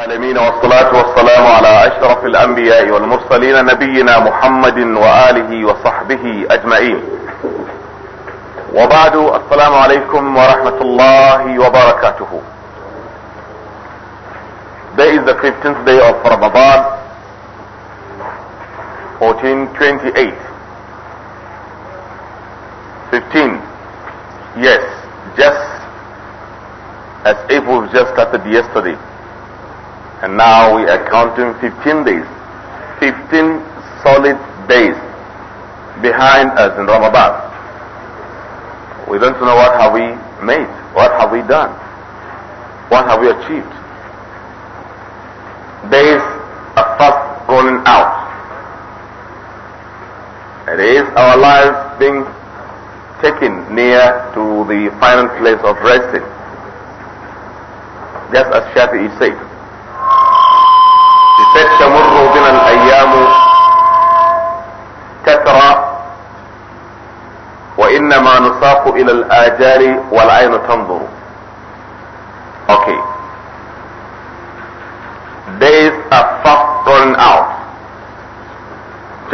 العالمين والصلاة والسلام على أشرف الأنبياء والمرسلين نبينا محمد وآله وصحبه أجمعين وبعد السلام عليكم ورحمة الله وبركاته Today is the 15th day of Ramadan 1428 15 Yes, just as if we've just started yesterday And now we are counting 15 days, 15 solid days behind us in Ramadan. We don't know what have we made, what have we done, what have we achieved. Days are fast going out. It is our lives being taken near to the final place of resting. Just as Shafi said, إلى والعين تنظر Okay. Days are fast going out.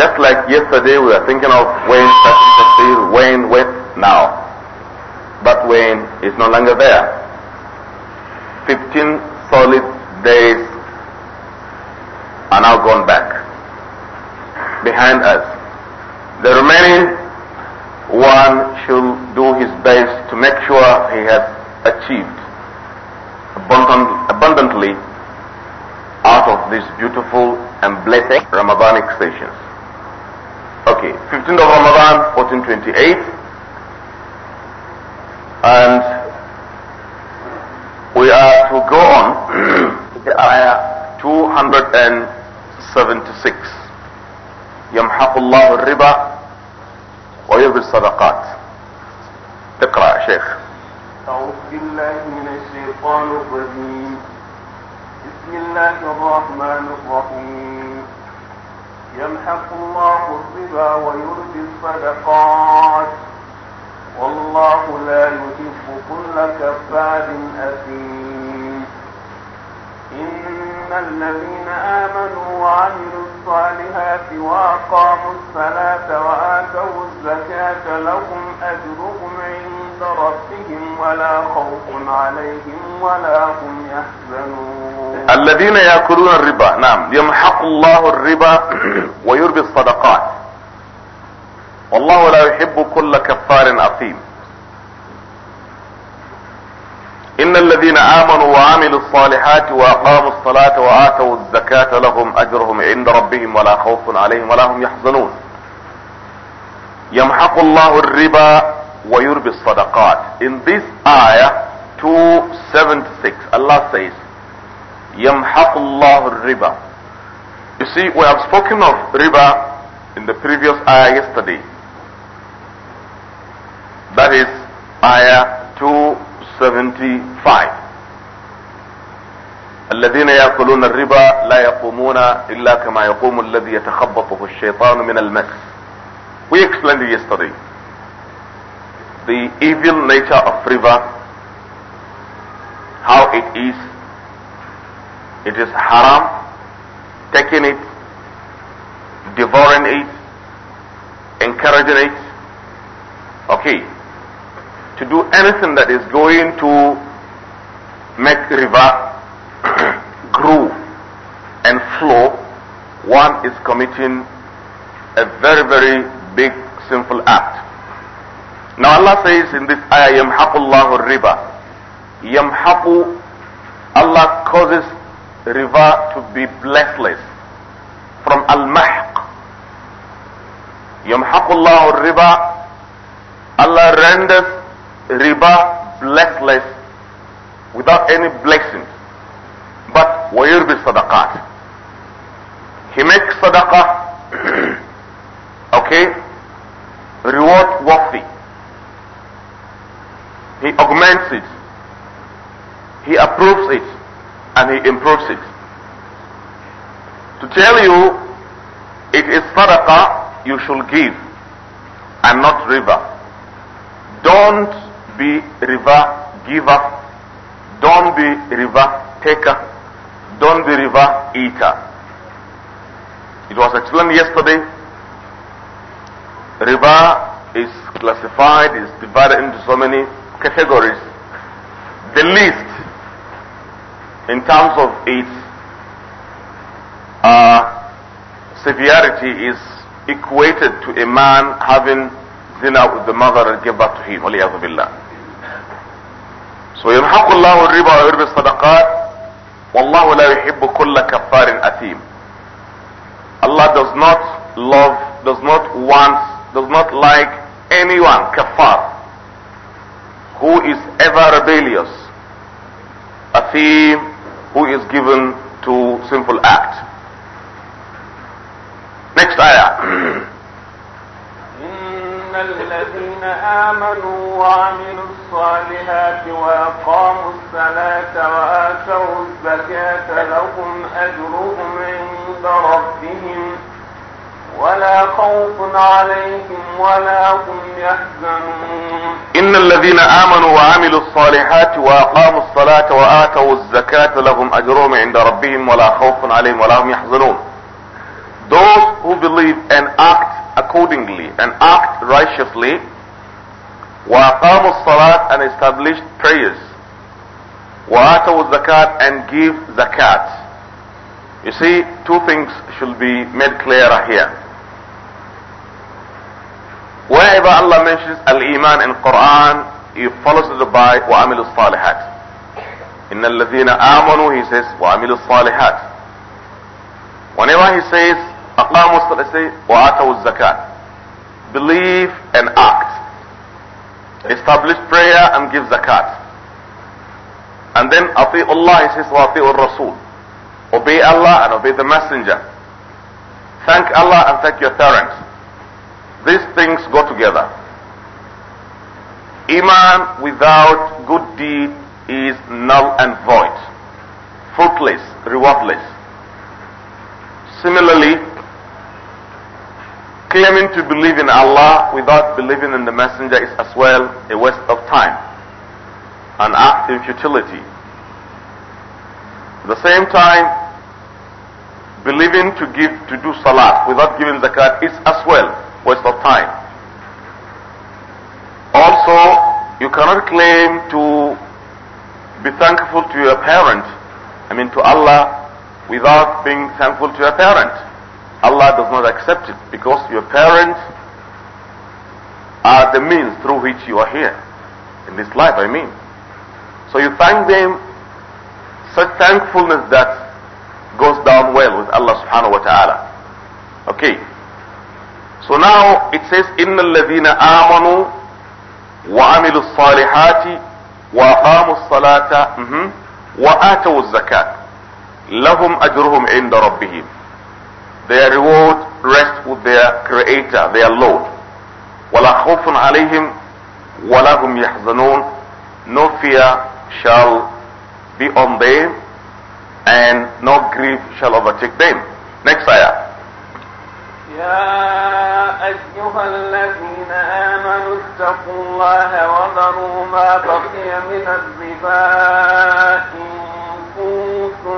Just like yesterday we were thinking of when Tafsir, when, when, now. But when is no longer there. 15 solid days are now gone back behind us. The remaining sure he had achieved abundant, abundantly out of these beautiful and blessed Ramadanic stations. Okay, 15th of Ramadan, 1428. الذين ياكلون الربا نعم يمحق الله الربا ويربي الصدقات والله لا يحب كل كفار اثيم ان الذين امنوا وعملوا الصالحات واقاموا الصلاه واتوا الزكاه لهم اجرهم عند ربهم ولا خوف عليهم ولا هم يحزنون يمحق الله الربا ويربي الصدقات in this ayah 276 Allah says يمحق riba. You see, we have spoken of riba in the previous ayah yesterday. That is ayah 275. الذين يأكلون الربا لا يقومون إلا كما يقوم الذي يتخبطه الشيطان من المس. We explained it yesterday. The evil nature of riba, how it is it is haram, taking it, devouring it, encouraging it. Okay. To do anything that is going to make river grow and flow, one is committing a very, very big sinful act. Now Allah says in this ayah, يَمْحَقُ اللَّهُ riba. يَمْحَقُ Allah causes river to be blessless from al-mahq al riba Allah renders riba blessless without any blessing but wayurbi sadaqat he makes sadaqah okay reward worthy he augments it he approves it and he improves it. To tell you it is sadaqah, you should give and not river. Don't be river giver. Don't be river taker. Don't be river eater. It was explained yesterday. River is classified, is divided into so many categories. The least in terms of its uh, severity is equated to a man having zina with the mother and give birth to him. So يمحق الله الربا ويربي الصدقات والله لا يحب كل كفار أثيم. Allah does not love, does not want, does not like anyone, kafar, who is ever rebellious, athim, who is given to sinful act. Next ayah. الذين آمنوا وعملوا الصالحات وأقاموا الصلاة وآتوا الزكاة لهم أجرهم عند ربهم ولا خوف عليهم ولا هم يحزنون إن الذين آمنوا وعملوا الصالحات وأقاموا الصلاة وآتوا الزكاة لهم أجرهم عند ربهم ولا خوف عليهم ولا هم يحزنون Those who believe and act accordingly and act righteously وأقاموا الصلاة and established prayers وآتوا الزكاة and give zakat You see, two things should be made clearer here. Wherever Allah mentions al-iman in Quran, he follows it by وَعَمِلُوا الصَّالِحَاتِ إِنَّ الَّذِينَ آمَنُوا, he says, وَعَمِلُوا الصَّالِحَاتِ Whenever he says, أَقَامُوا الصَّلَاةِ وَآتَوُوا الزَّكَاةِ Believe and act. Establish prayer and give zakat. And then أَطِيعُ Allah, he says, وَأَطِيعُ الرَّسُولِ Obey Allah and obey the messenger. Thank Allah and thank your parents. These things go together. Iman without good deed is null and void, fruitless, rewardless. Similarly, claiming to believe in Allah without believing in the Messenger is as well a waste of time, an act of futility. At the same time, believing to give to do salat without giving zakat is as well waste of time. Also, you cannot claim to be thankful to your parent, I mean to Allah, without being thankful to your parent. Allah does not accept it because your parents are the means through which you are here. In this life, I mean. So you thank them such thankfulness that goes down well with Allah subhanahu wa ta'ala. Okay. So now it says, إِنَّ الَّذِينَ آمَنُوا وَعَمِلُوا الصَّالِحَاتِ وَأَقَامُوا الصَّلَاةَ وَآتَوُا الزَّكَاةَ لَهُمْ أَجْرُهُمْ عِنْدَ رَبِّهِمْ Their reward rests with their Creator, their Lord. وَلَا خَوْفٌ عَلَيْهِمْ وَلَا هُمْ يَحْزَنُونَ No fear shall be on them and no grief shall overtake them. Next ayah. Yeah. أيها الذين آمنوا اتقوا الله وذروا ما بقي من الربا إن كنتم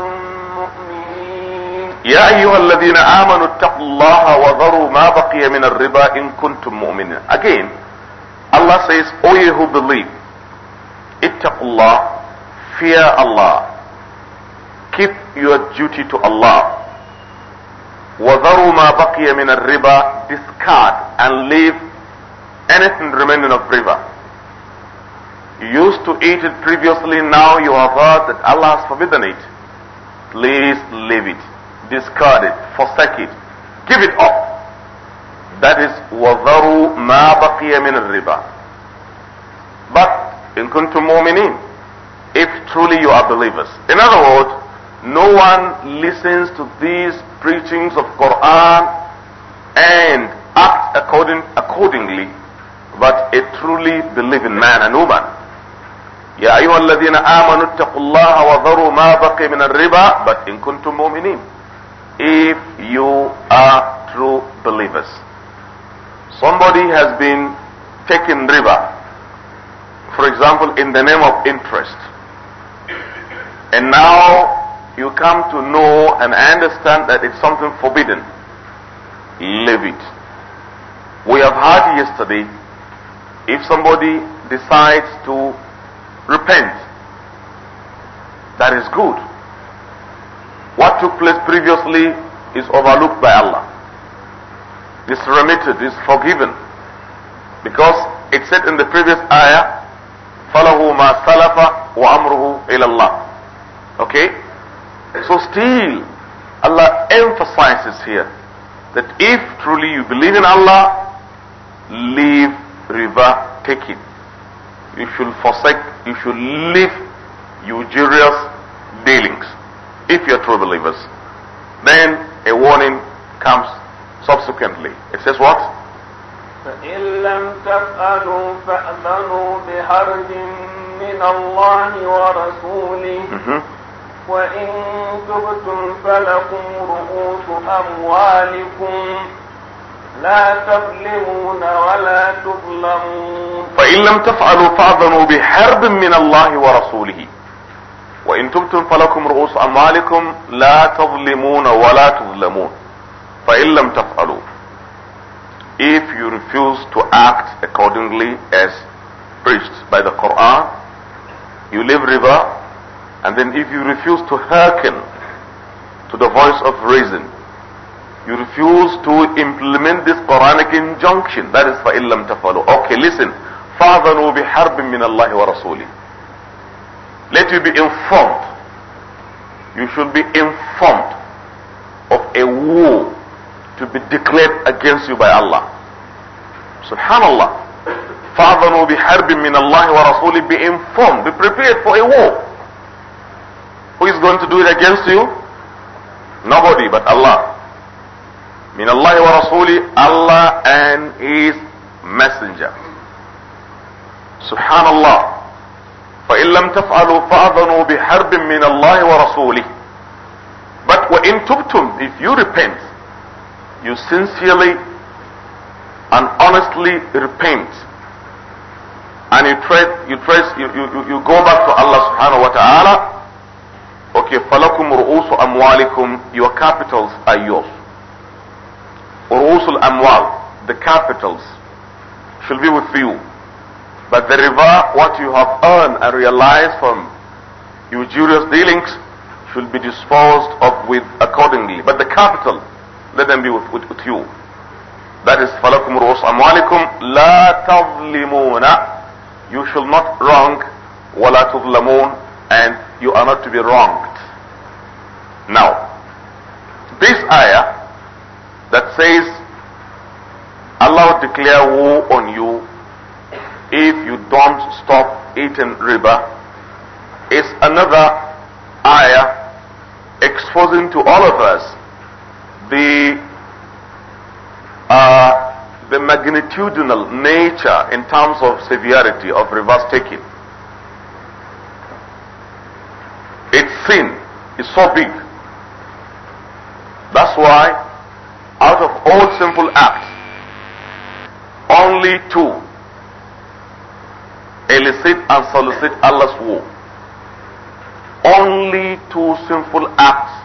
مؤمنين يا أيها الذين آمنوا اتقوا الله وذروا ما بقي من الربا إن كنتم مؤمنين Again, Allah says, O ye who believe, اتقوا الله, fear Allah, keep your duty to Allah, وَذَرُوا مَا بَقِيَ مِنَ الرِّبَى Discard and leave anything remaining of riba. You used to eat it previously, now you have heard that Allah has forbidden it. Please leave it, discard it, forsake it, give it up. That is وَذَرُوا مَا بَقِيَ مِنَ الرِّبَى But in kuntum mu'minin, if truly you are believers. In other words, no one listens to these preachings of Quran and act according, accordingly, but a truly believing man and woman. يا أيها الذين آمنوا اتقوا الله وذروا ما بقي من الربا but إن كنتم مؤمنين if you are true believers somebody has been taking riba for example in the name of interest and now you come to know and understand that it's something forbidden. Leave it. We have heard yesterday if somebody decides to repent, that is good. What took place previously is overlooked by Allah. It's remitted, it's forgiven. Because it said in the previous ayah, فَلَهُ مَا سَلَفَ وَأَمْرُهُ إِلَى اللَّهِ Okay? So still, Allah emphasizes here that if truly you believe in Allah, leave take taking. You should forsake, you should leave usurious dealings if you're true believers. Then a warning comes subsequently. It says what? فإن لم وإن تبتم فلكم رؤوس أموالكم لا تظلمون ولا تظلمون فإن لم تفعلوا فأذنوا بحرب من الله ورسوله وإن تبتم فلكم رؤوس أموالكم لا تظلمون ولا تظلمون فإن لم تفعلوا if you refuse to act accordingly as preached by the Quran you leave river And then if you refuse to hearken to the voice of reason, you refuse to implement this Quranic injunction, that is to follow. Okay, listen. فَأَذَنُوا بِحَرْبٍ مِّنَ اللَّهِ وَرَسُولِهِ Let you be informed. You should be informed of a war to be declared against you by Allah. Subhanallah. فَأَذَنُوا بِحَرْبٍ مِّنَ اللَّهِ وَرَسُولِهِ Be informed, be prepared for a war is going to do it against you? Nobody but Allah. Min Allah wa Rasuli, Allah and His Messenger. Subhanallah. فإن لم تفعلوا فأذنوا بحرب من الله ورسوله. But وإن تبتم, if you repent, you sincerely and honestly repent and you, trace, you, trace, you, you, you go back to Allah subhanahu wa ta'ala Okay, falakum ru'usu amwalikum, your capitals are yours. Ru'usul amwal, the capitals, shall be with you. But the riba, what you have earned and realized from your usurious dealings, shall be disposed of with accordingly. But the capital, let them be with, with, with you. That is, فَلَكُمْ رُؤُسْ أَمْوَالِكُمْ لَا تَظْلِمُونَ You shall not wrong, وَلَا تُظْلَمُونَ And you are not to be wronged. Now, this ayah that says Allah will declare war on you if you don't stop eating riba is another ayah exposing to all of us the uh, the magnitudinal nature in terms of severity of reverse taking. sin is so big. That's why out of all sinful acts, only two elicit and solicit Allah's will. Only two sinful acts.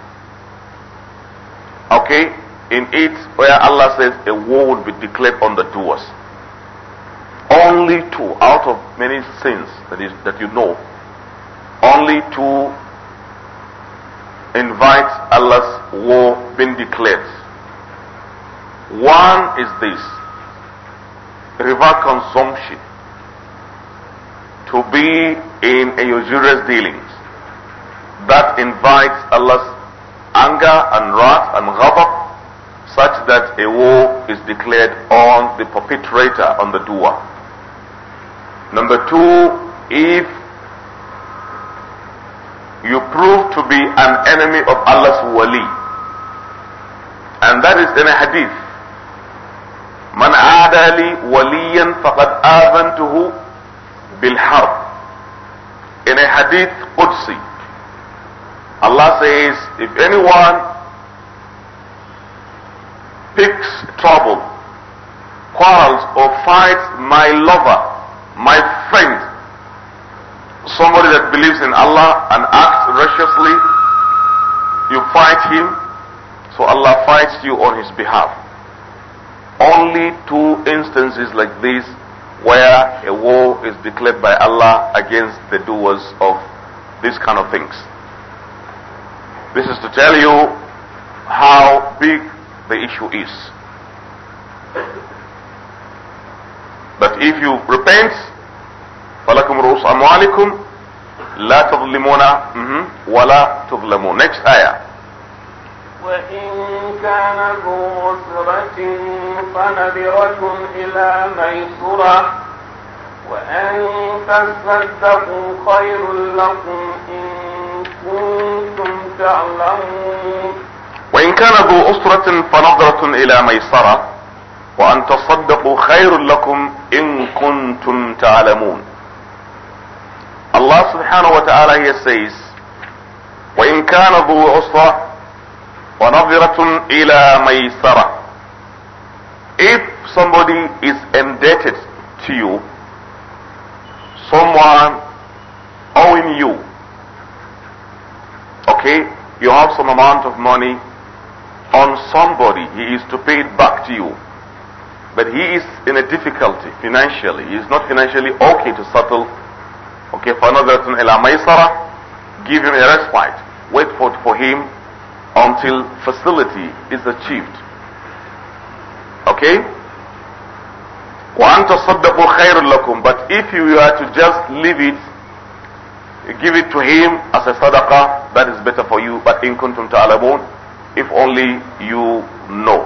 Okay? In it, where Allah says a war will be declared on the doers. Only two out of many sins that is that you know. Only two invites Allah's war being declared. One is this river consumption to be in a usurious dealings that invites Allah's anger and wrath and ghadab such that a war is declared on the perpetrator, on the doer. Number two, if an enemy of Allah's wali. And that is in a hadith. من عادى لي وليا فقد آذنته بالحرب. In a hadith Qudsi, Allah says, if anyone picks trouble, quarrels or fights my lover, my friend, somebody that believes in Allah and acts righteously, you fight him, so Allah fights you on his behalf. Only two instances like this where a war is declared by Allah against the doers of these kind of things. This is to tell you how big the issue is. But if you repent, فَلَكُمْ رُؤُسْ أَمْوَالِكُمْ لا تظلمون ولا تظلمون next آية وإن كان ذو عسرة فنذرة إلى ميسرة وأن تصدقوا خير لكم إن كنتم تعلمون وإن كان ذو أسرة فنظرة إلى ميسرة وأن تصدقوا خير لكم إن كنتم تعلمون Allah subhanahu wa ta'ala here says, وَإِن كَانَ ذُو عُسْرَةٍ وَنَظِرَةٌ إِلَى مَيْسَرَةٍ If somebody is indebted to you, someone owing you, okay, you have some amount of money on somebody, he is to pay it back to you. But he is in a difficulty financially. He is not financially okay to settle Okay, for another reason, مَيْسَرَةٍ Give him a respite. Wait for, for him until facility is achieved. Okay? But if you are to just leave it, give it to him as a sadaqah, that is better for you. But in kuntum ta'alamun, if only you know.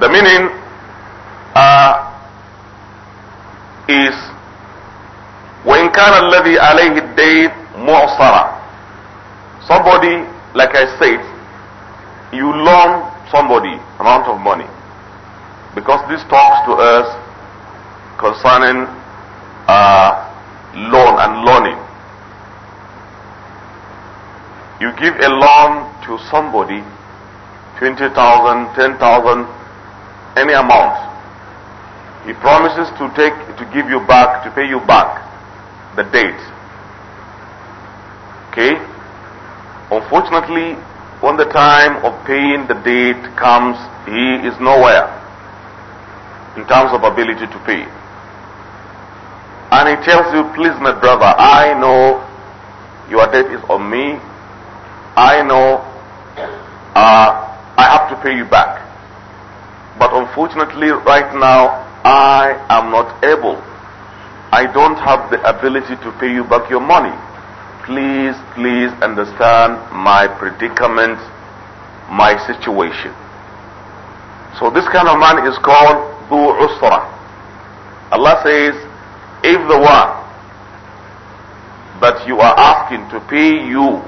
The meaning uh, is وإن كان الذي عليه الدين معصرة somebody like I said you loan somebody amount of money because this talks to us concerning uh, loan and loaning you give a loan to somebody 20,000 10,000 any amount he promises to take to give you back to pay you back the date. Okay? Unfortunately, when the time of paying the date comes, he is nowhere in terms of ability to pay. And he tells you, please, my brother, I know your debt is on me. I know uh, I have to pay you back. But unfortunately, right now, I am not able I don't have the ability to pay you back your money. Please, please understand my predicament, my situation. So this kind of man is called Dhu Usra. Allah says, if the one that you are asking to pay you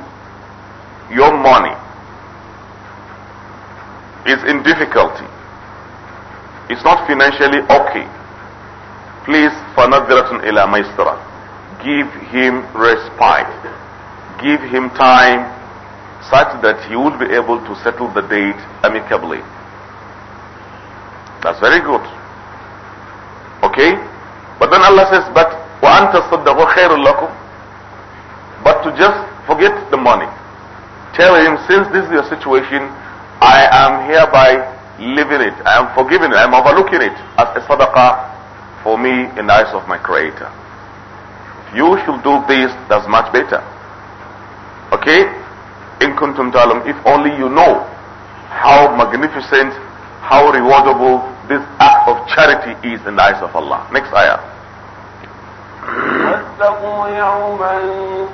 your money is in difficulty, it's not financially okay, please فَنَذْرَةٌ إِلَى مَيْسْرَةٍ Give him respite. Give him time such that he will be able to settle the date amicably. That's very good. Okay? But then Allah says, but وَأَنْتَ صَدَّقُوا خَيْرٌ لَكُمْ But to just forget the money. Tell him, since this is your situation, I am hereby leaving it. I am forgiving it. I am overlooking it as a sadaqah for me in the eyes of my Creator. You should do this, that's much better. Okay? In kuntum talum, if only you know how magnificent, how rewardable this act of charity is in the eyes of Allah. Next ayah. واتقوا يوما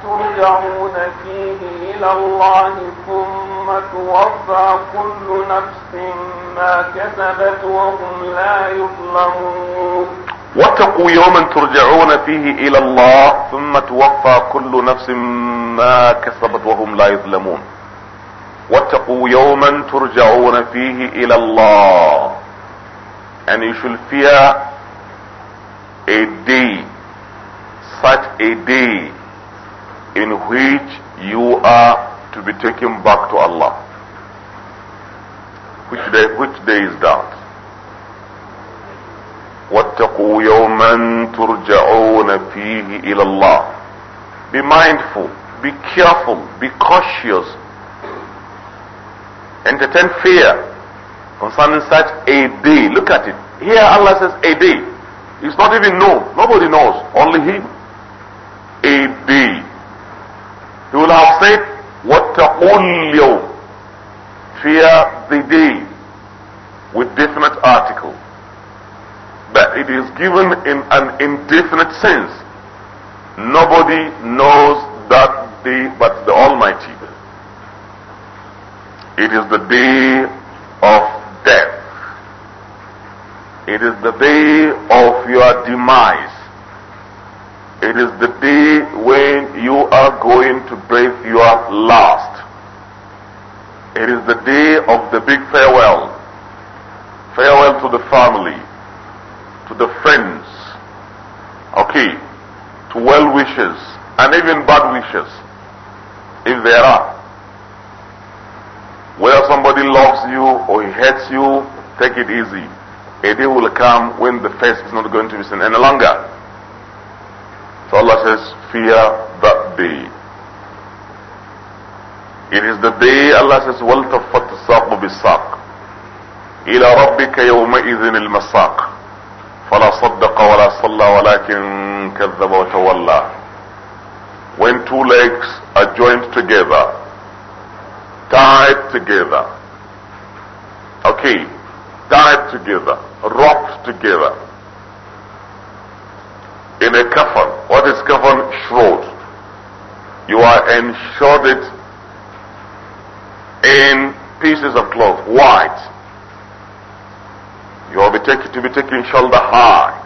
ترجعون فيه إلى الله ثم توفى كل نفس ما كسبت وهم لا يظلمون واتقوا يوما ترجعون فيه إلى الله ثم توفى كل نفس ما كسبت وهم لا يظلمون واتقوا يوما ترجعون فيه إلى الله and you should fear a day such a day in which you are to be taken back to Allah. Which day, which day is that? واتقوا يوما ترجعون فيه إلى الله. Be mindful, be careful, be cautious. Entertain fear concerning such a day. Look at it. Here Allah says a day. It's not even known. Nobody knows. Only Him be, He will have said, وَاتَّقُوا الْيَوْمِ Fear the day with definite article. But it is given in an indefinite sense. Nobody knows that day but the Almighty. It is the day of death. It is the day of your demise. It is the day when you are going to breathe your last. It is the day of the big farewell. Farewell to the family, to the friends, okay, to well wishes, and even bad wishes, if there are. Whether somebody loves you or he hates you, take it easy. A day will come when the face is not going to be seen any longer. So Allah says, Fear that day. It is the day Allah says, Waltafat saqu bisaq. Ila rabbika yawma idhin al masaq. Fala saddaqa wala salla walakin kazzaba wa tawalla. When two legs are joined together, tied together, okay, tied together, rocked together, in a kafan. What is kafan? Shroud. You are enshrouded in pieces of cloth, white. You are be taken to be taken shoulder high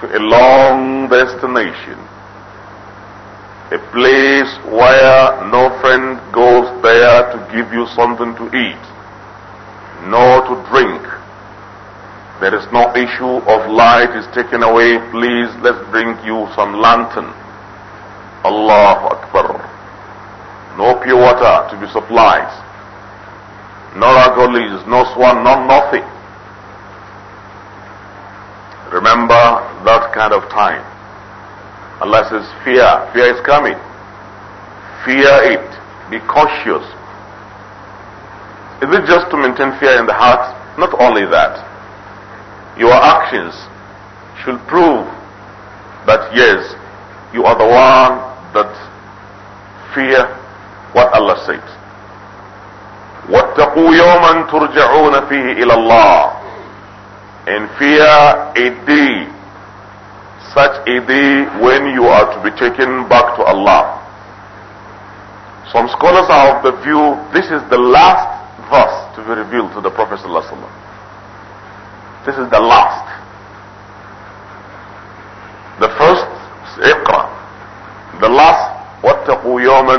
to a long destination, a place where no friend goes there to give you something to eat, nor to drink there is no issue of light is taken away. Please, let's bring you some lantern. Allah Akbar. No pure water to be supplied. No ragolies, no swan, no nothing. Remember that kind of time. Allah says fear. Fear is coming. Fear it. Be cautious. Is it just to maintain fear in the heart? Not only that. Your actions should prove that yes, you are the one that fear what Allah says. وَاتَّقُوا يَوْمًا تُرْجَعُونَ فِيهِ إِلَى اللَّهِ And fear a day, such a day when you are to be taken back to Allah. Some scholars are of the view this is the last verse to be revealed to the Prophet Sallallahu Alaihi Wasallam. This is the last. The first is Iqra. The last, وَاتَّقُوا يَوْمًا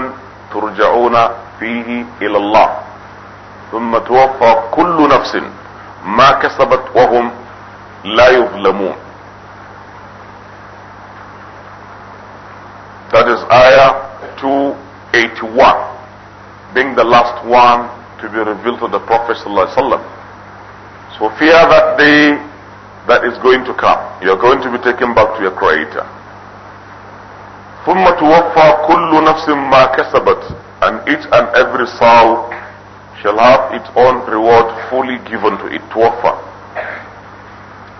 تُرْجَعُونَ فِيهِ إِلَى اللَّهِ ثُمَّ تُوَفَّى كُلُّ نَفْسٍ مَا كَسَبَتْ وَهُمْ لَا يُظْلَمُونَ That is ayah 281, being the last one to be revealed to the Prophet sallallahu alaihi wasallam. So fear that day that is going to come. You are going to be taken back to your creator. ثم توفى كل نفس ما كسبت and each and every soul shall have its own reward fully given to it. توفى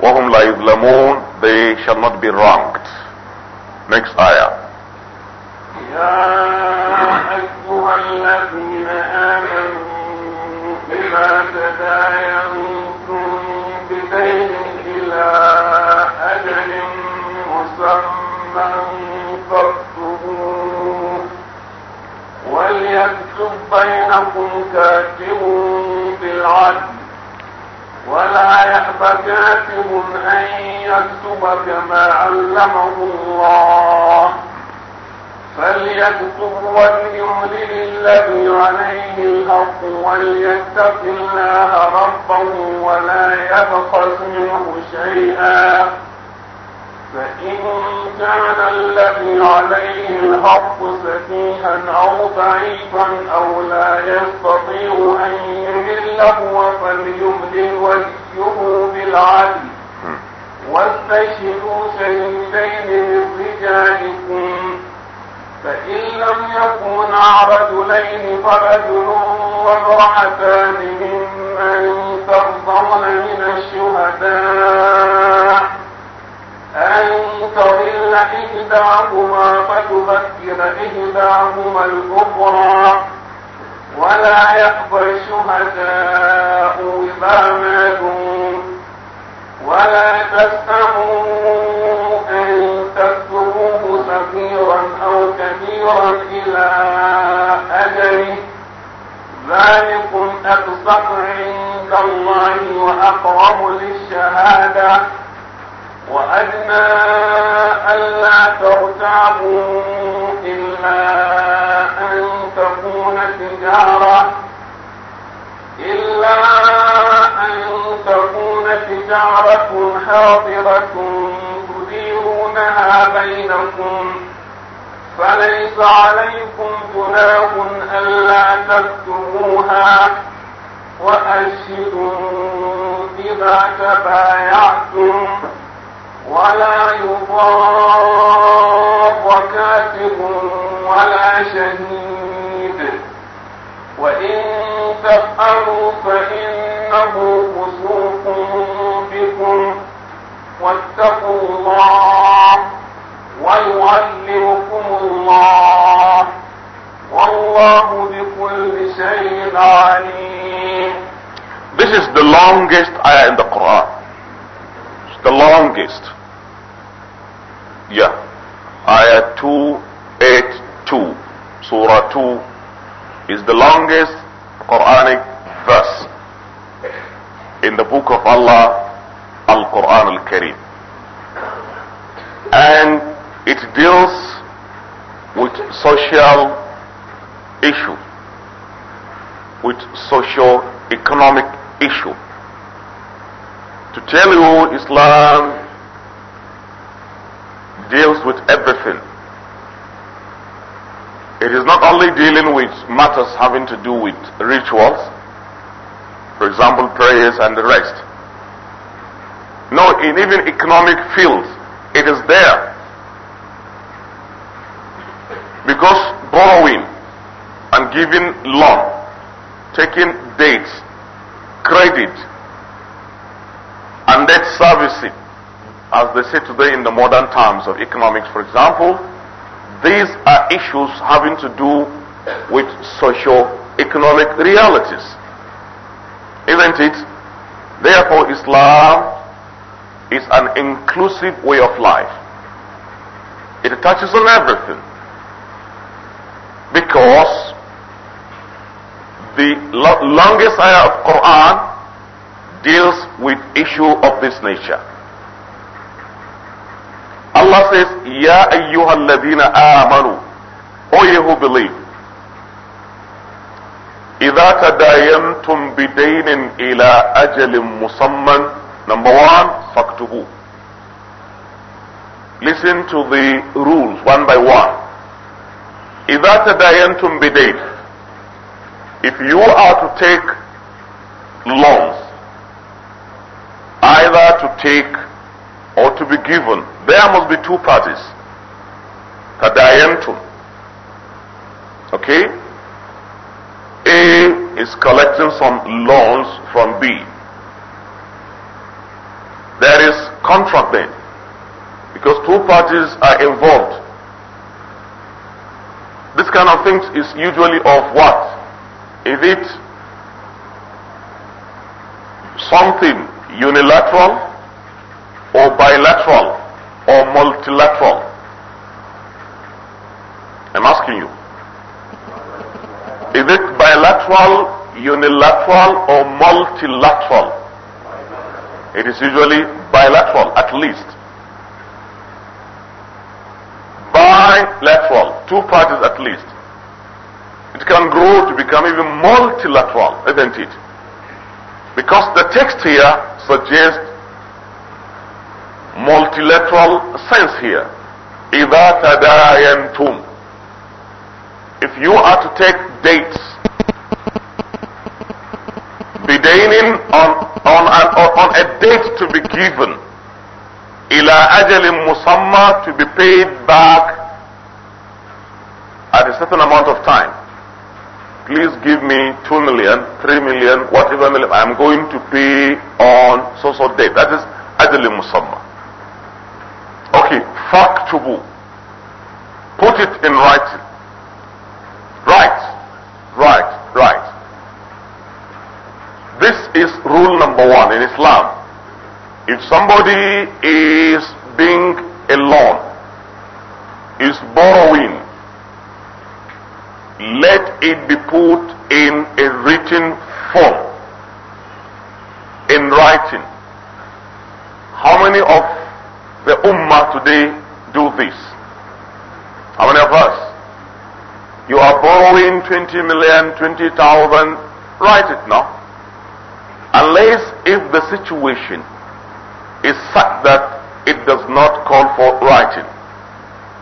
وهم لا يظلمون they shall not be wronged. Next ayah. يا أيها الذين آمنوا بما تداينون يأتون إلى أجل مسمى فاكتبوه وليكتب بينكم كاتب بالعدل ولا يأب كاتب أن يكتب كما علمه الله فليكتب وليملل الذي عليه الحق وليتق الله ربه ولا يبخس منه شيئا فإن كان الذي عليه الحق سفيها أو ضعيفا أو لا يستطيع أن يمل هو فليملل وليه بالعدل واستشهدوا شهيدين من رجالكم فإن لم يكن رجلين فرجل وامرأتان ممن ترضون من الشهداء أن تضل إحداهما فتذكر إحداهما الأخرى ولا يقبل الشهداء إذا ماتوا ولا تسأموا أن تكتبوه صغيرا أو كبيرا إلى أجله ذلكم أقسط عند الله وأقرب للشهادة وأدنى ألا ترتابوا إلا أن تكون تجارة إلا أن تكون تجارة حاضرة تراضونها بينكم فليس عليكم جناح ألا تكتبوها وأشهدوا بما تبايعتم ولا يضار كاتب ولا شهيد وإن تفعلوا فإنه فسوق واتقوا الله ويعلمكم الله والله بكل شيء عليم This is the longest ayah in the Quran. It's the longest. Yeah. Ayah 282. Surah 2 is the longest Quranic verse in the book of Allah Al-Quran Al-Karim. And it deals with social issue, with socio-economic issue. To tell you, Islam deals with everything. It is not only dealing with matters having to do with rituals, for example, prayers and the rest. No, in even economic fields, it is there. Because borrowing and giving loan, taking dates, credit, and debt servicing, as they say today in the modern terms of economics, for example, these are issues having to do with socio-economic realities. Isn't it? Therefore, Islam is an inclusive way of life. It touches on everything. Because the lo longest ayah of Quran deals with issue of this nature. Allah says, Ya ayyuhal ladina amanu, O ye who believe, إذا تداينتم بدين إلى أجل مسمى Number one, faktubu. Listen to the rules one by one. إذا تداينتم بدين if you are to take loans, either to take or to be given, there must be two parties. Tadayantum. Okay? A is collecting some loans from B there is contract then. Because two parties are involved. This kind of thing is usually of what? Is it something unilateral or bilateral or multilateral? I'm asking you. Is it bilateral, unilateral or multilateral? It is usually bilateral at least. Bilateral, two parties at least. It can grow to become even multilateral, isn't it? Because the text here suggests multilateral sense here. إذا تداينتم. If you are to take dates dainin on, on, an, on a date to be given. Ila ajalim musamma to be paid back at a certain amount of time. Please give me two million, three million, whatever million. I'm going to pay on so so date. That is Ajali musamma. Okay, factable. Put it in writing. Right, right, right. This is rule number one in Islam. If somebody is being a loan, is borrowing, let it be put in a written form, in writing. How many of the Ummah today do this? How many of us? You are borrowing 20 million, 20,000, write it now unless if the situation is such that it does not call for writing.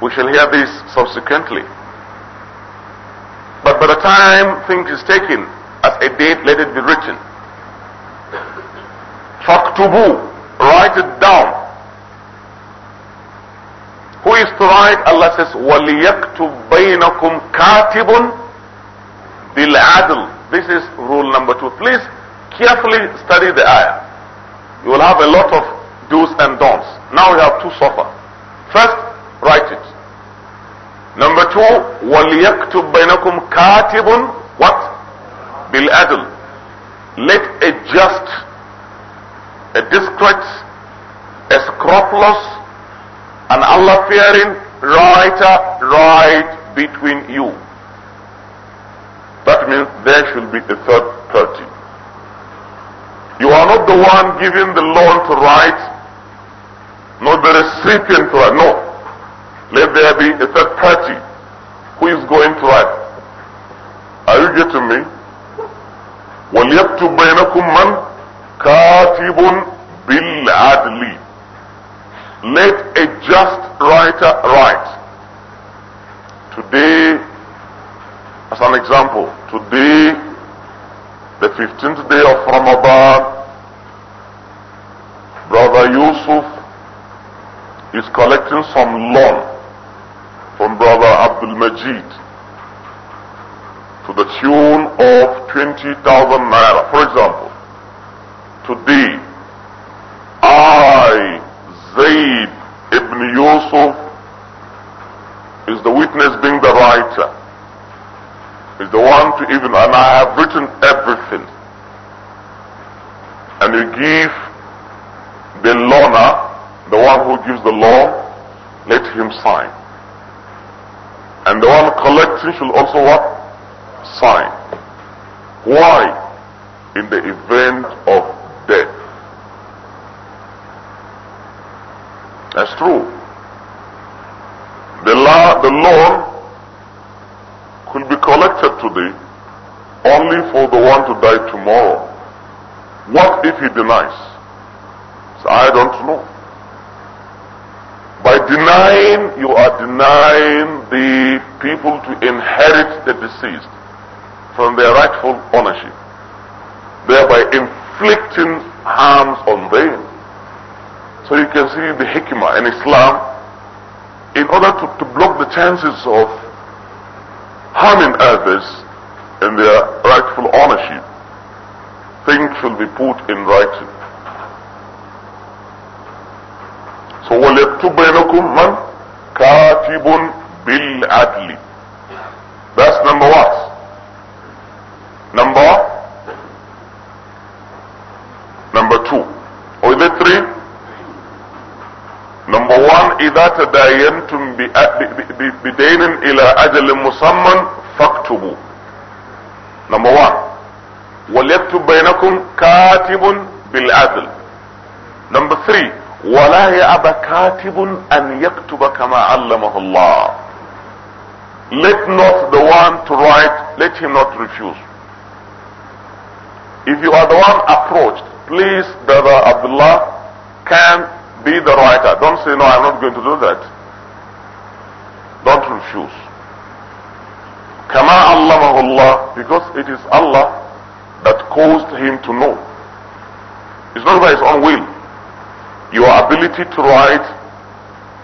We shall hear this subsequently. But by the time things is taken as a date, let it be written. Faktubu, write it down. Who is to write? Allah says, وَلِيَكْتُبْ بَيْنَكُمْ كَاتِبٌ بِالْعَدْلِ This is rule number two. Please carefully study the ayah, you will have a lot of do's and don'ts. Now you have two suffer. First, write it. Number two, وَلْيَكْتُبْ بَيْنَكُمْ كَاتِبٌ What? بِالْعَدْلِ Let a just, a discreet, a scrupulous, an Allah-fearing writer write between you. That means there should be a third party. You are not the one giving the loan to write, not the recipient to write. No. Let there be a third party who is going to write. Are you getting me? وَلْيَكْتُبْ بَيْنَكُمْ مَنْ كَاتِبٌ بِالْعَدْلِ Let a just writer write. Today, as an example, today the 15th day of Ramadan, Brother Yusuf is collecting some loan from Brother Abdul Majid to the tune of 20,000 naira. For example, today I, Zaid ibn Yusuf, is the witness being the writer is the one to even, and I have written everything. And you give the loaner, the one who gives the loan, let him sign. And the one collecting should also what? Sign. Why? In the event of death. That's true. The, la- the loan could be collected today only for the one to die tomorrow. What if he denies? So I don't know. By denying, you are denying the people to inherit the deceased from their rightful ownership, thereby inflicting harms on them. So you can see the hikmah in Islam, in order to, to block the chances of harming others in their rightful ownership. Things should be put in writing. So وَلْيَكْتُبْ بَيْنَكُمْ مَنْ كَاتِبٌ بِالْعَدْلِ That's number one. Number اذا تداينتم بدين الى اجل مسمى فاكتبوا نمبر 1 وليكتب بينكم كاتب بالعدل نمبر 3 ولا يأبى كاتب ان يكتب كما علمه الله let not the one to write let him not refuse if you are the one approached please brother Abdullah can Be the writer. Don't say, no, I'm not going to do that. Don't refuse. Kama Allah, because it is Allah that caused him to know. It's not by his own will. Your ability to write,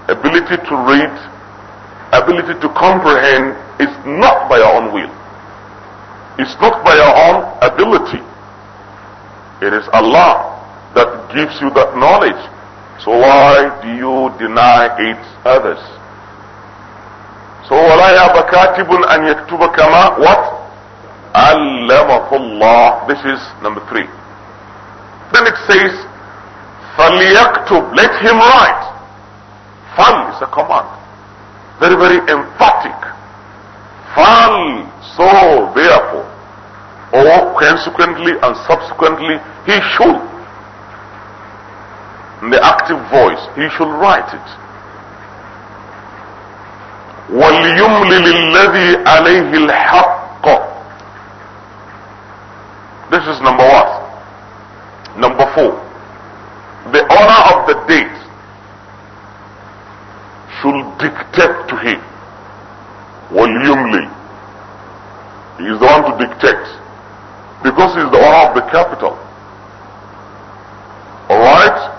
ability to read, ability to comprehend is not by your own will. It's not by your own ability. It is Allah that gives you that knowledge. So why do you deny its others? So ولا and كاتب أن يكتب كما what? علمه الله. This is number three. Then it says فليكتب. Let him write. فل is a command. Very very emphatic. فل. So therefore. Or consequently and subsequently he should in the active voice, he should write it. This is number one. Number four. The owner of the date should dictate to him. وَلْيُمْلِلِ He is the one to dictate. Because he is the owner of the capital. Alright?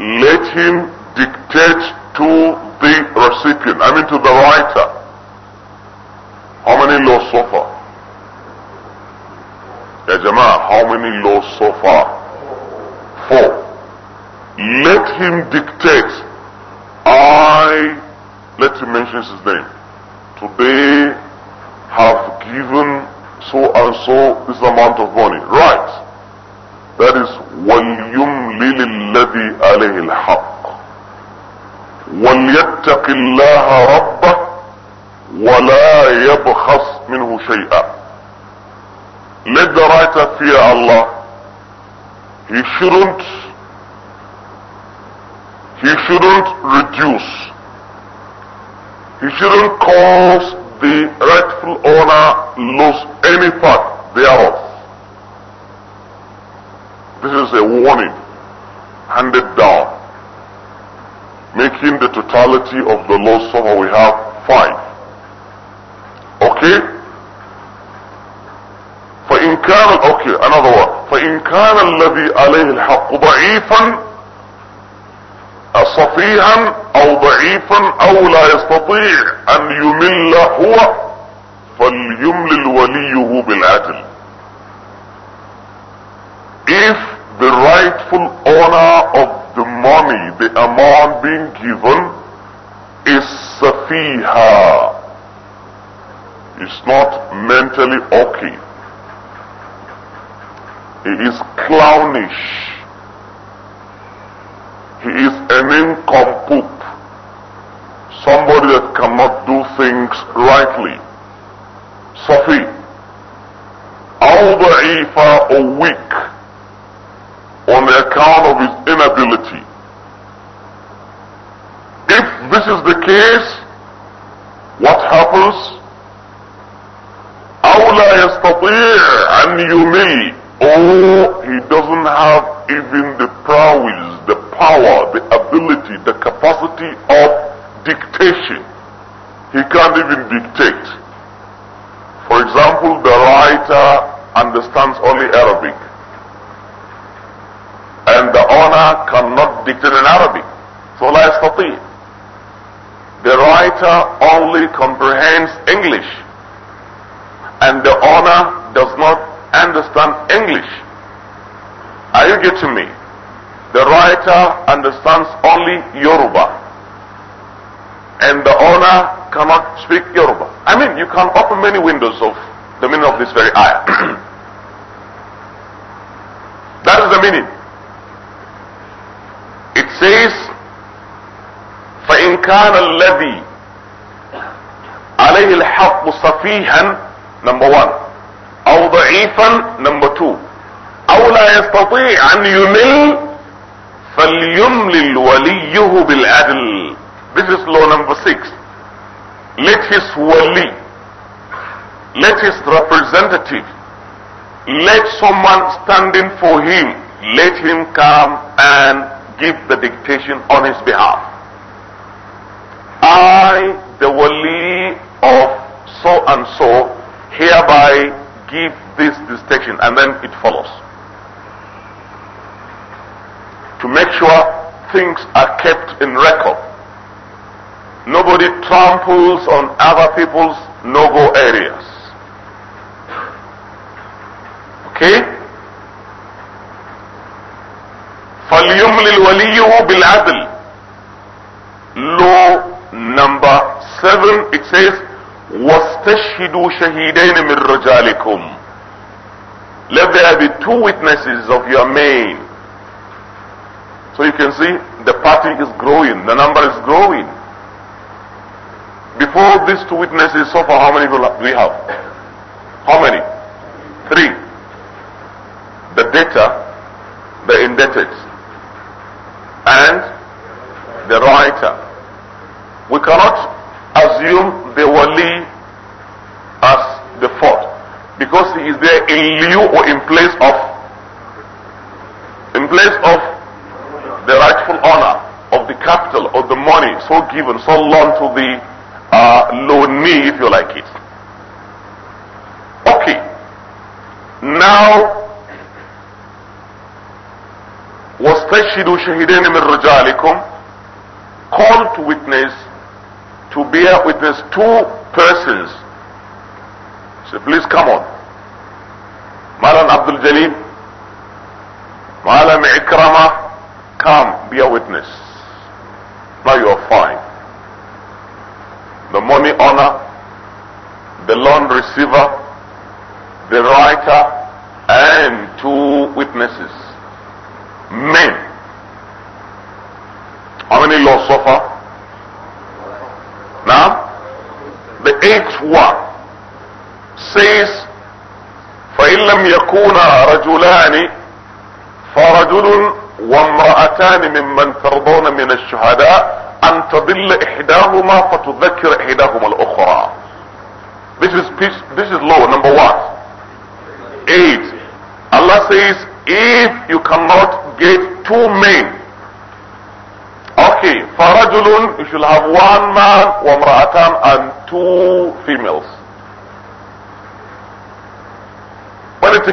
let him dictate to the recipient, I mean to the writer, how many laws so far? Ya how many laws so far? Four. Let him dictate. I, let him mention his name. Today have given so and so this amount of money. Right. يفترس وليملل الذي عليه الحق وليتق الله ربه ولا يبخس منه شيئا Let the writer fear Allah. He shouldn't he shouldn't reduce. He shouldn't cause the rightful owner lose any part thereof. This is a warning handed down, making the totality of the law somehow we have five. Okay? فإن كان okay another one فإن كان الذي عليه الحق ضعيفا صفيها او ضعيفا او لا يستطيع ان يمل هو فليملل وليه بالعدل the amount being given is safiha. It's not mentally okay. He is clownish. He is an incompoop. Somebody that cannot do things rightly. Safi. Al-da'ifa a weak on account of his inability this is the case, what happens? أو لا يستطيع أن يمل Oh, he doesn't have even the prowess, the power, the ability, the capacity of dictation. He can't even dictate. For example, the writer understands only Arabic. And the owner cannot dictate in Arabic. So لا يستطيع. The writer only comprehends English and the owner does not understand English. Are you getting me? The writer understands only Yoruba and the owner cannot speak Yoruba. I mean, you can open many windows of the meaning of this very ayah. that is the meaning. كان الذي عليه الحق صفيحا نمبر 1 او ضعيفا نمبر 2 او لا يستطيع ان يمل فليملل وليه بالعدل This is law number 6 Let his wali Let his representative Let someone standing for him Let him come and give the dictation on his behalf I, the wali of so and so, hereby give this distinction, and then it follows. To make sure things are kept in record. Nobody tramples on other people's no-go areas. Okay? فليملي الولي بالعدل it says, وَاسْتَشْهِدُوا شَهِدَيْنِ مِنْ رَجَالِكُمْ Let there be two witnesses of your men. So you can see the party is growing, the number is growing. Before these two witnesses, so far how many do we have? How many? Three. The debtor, the indebted, and the writer. We cannot assume the wali as the fourth because he is there in lieu or in place of in place of the rightful honor of the capital of the money so given so loaned to the uh, loanee if you like it okay now was واستشهدوا شهدين من رجالكم call to witness to bear witness two persons. So please come on. Malan Abdul Jalim, Malam Ikrama, come, be a witness. Now you are fine. The money owner, the loan receiver, Next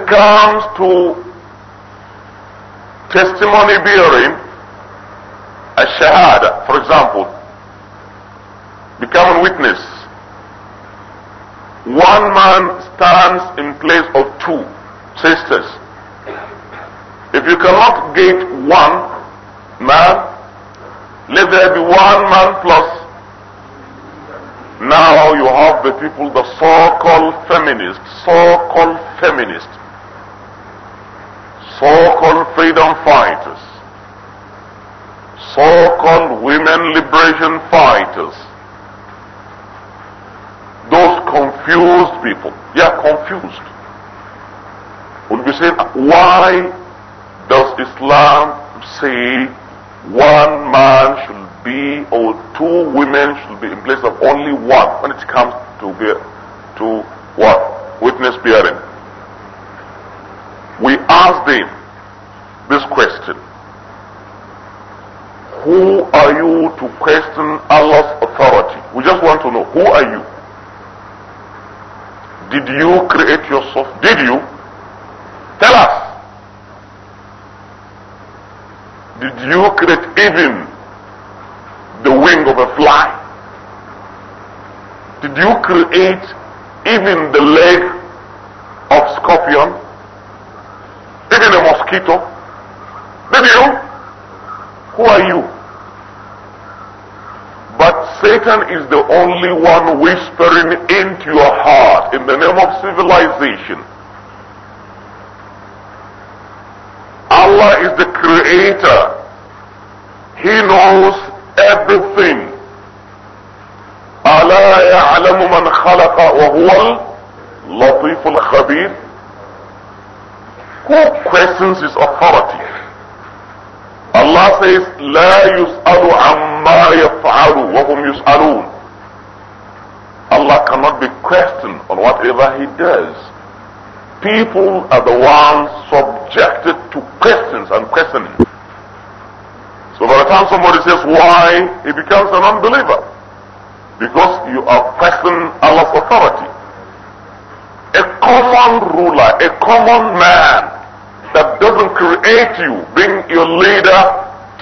comes to testimony bearing, a shahada, for example, become a witness. One man stands in place of two sisters. If you cannot get one man, let there be one man plus. Now you have the people, the so-called feminists, so-called feminists so-called freedom fighters, so-called women liberation fighters, those confused people, they are confused. would be saying, why does Islam say one man should be or two women should be in place of only one when it comes to be, to what? Witness bearing we asked them this question. Who are you to question Allah's authority? We just want to know, who are you? Did you create yourself? Did you? Tell us. Did you create even the wing of a fly? Did you create even the leg mosquito. Maybe you? Who are you? But Satan is the only one whispering into your heart in the name of civilization. Allah is the creator. He knows everything. ألا يعلم من خلق وهو اللطيف الخبير who questions his authority? Allah says, لا يسأل عما يفعل وهم يسألون. Allah cannot be questioned on whatever he does. People are the ones subjected to questions and questioning. So by the time somebody says why, he becomes an unbeliever. Because you are questioning Allah's authority. A common ruler, a common man that doesn't create you, being your leader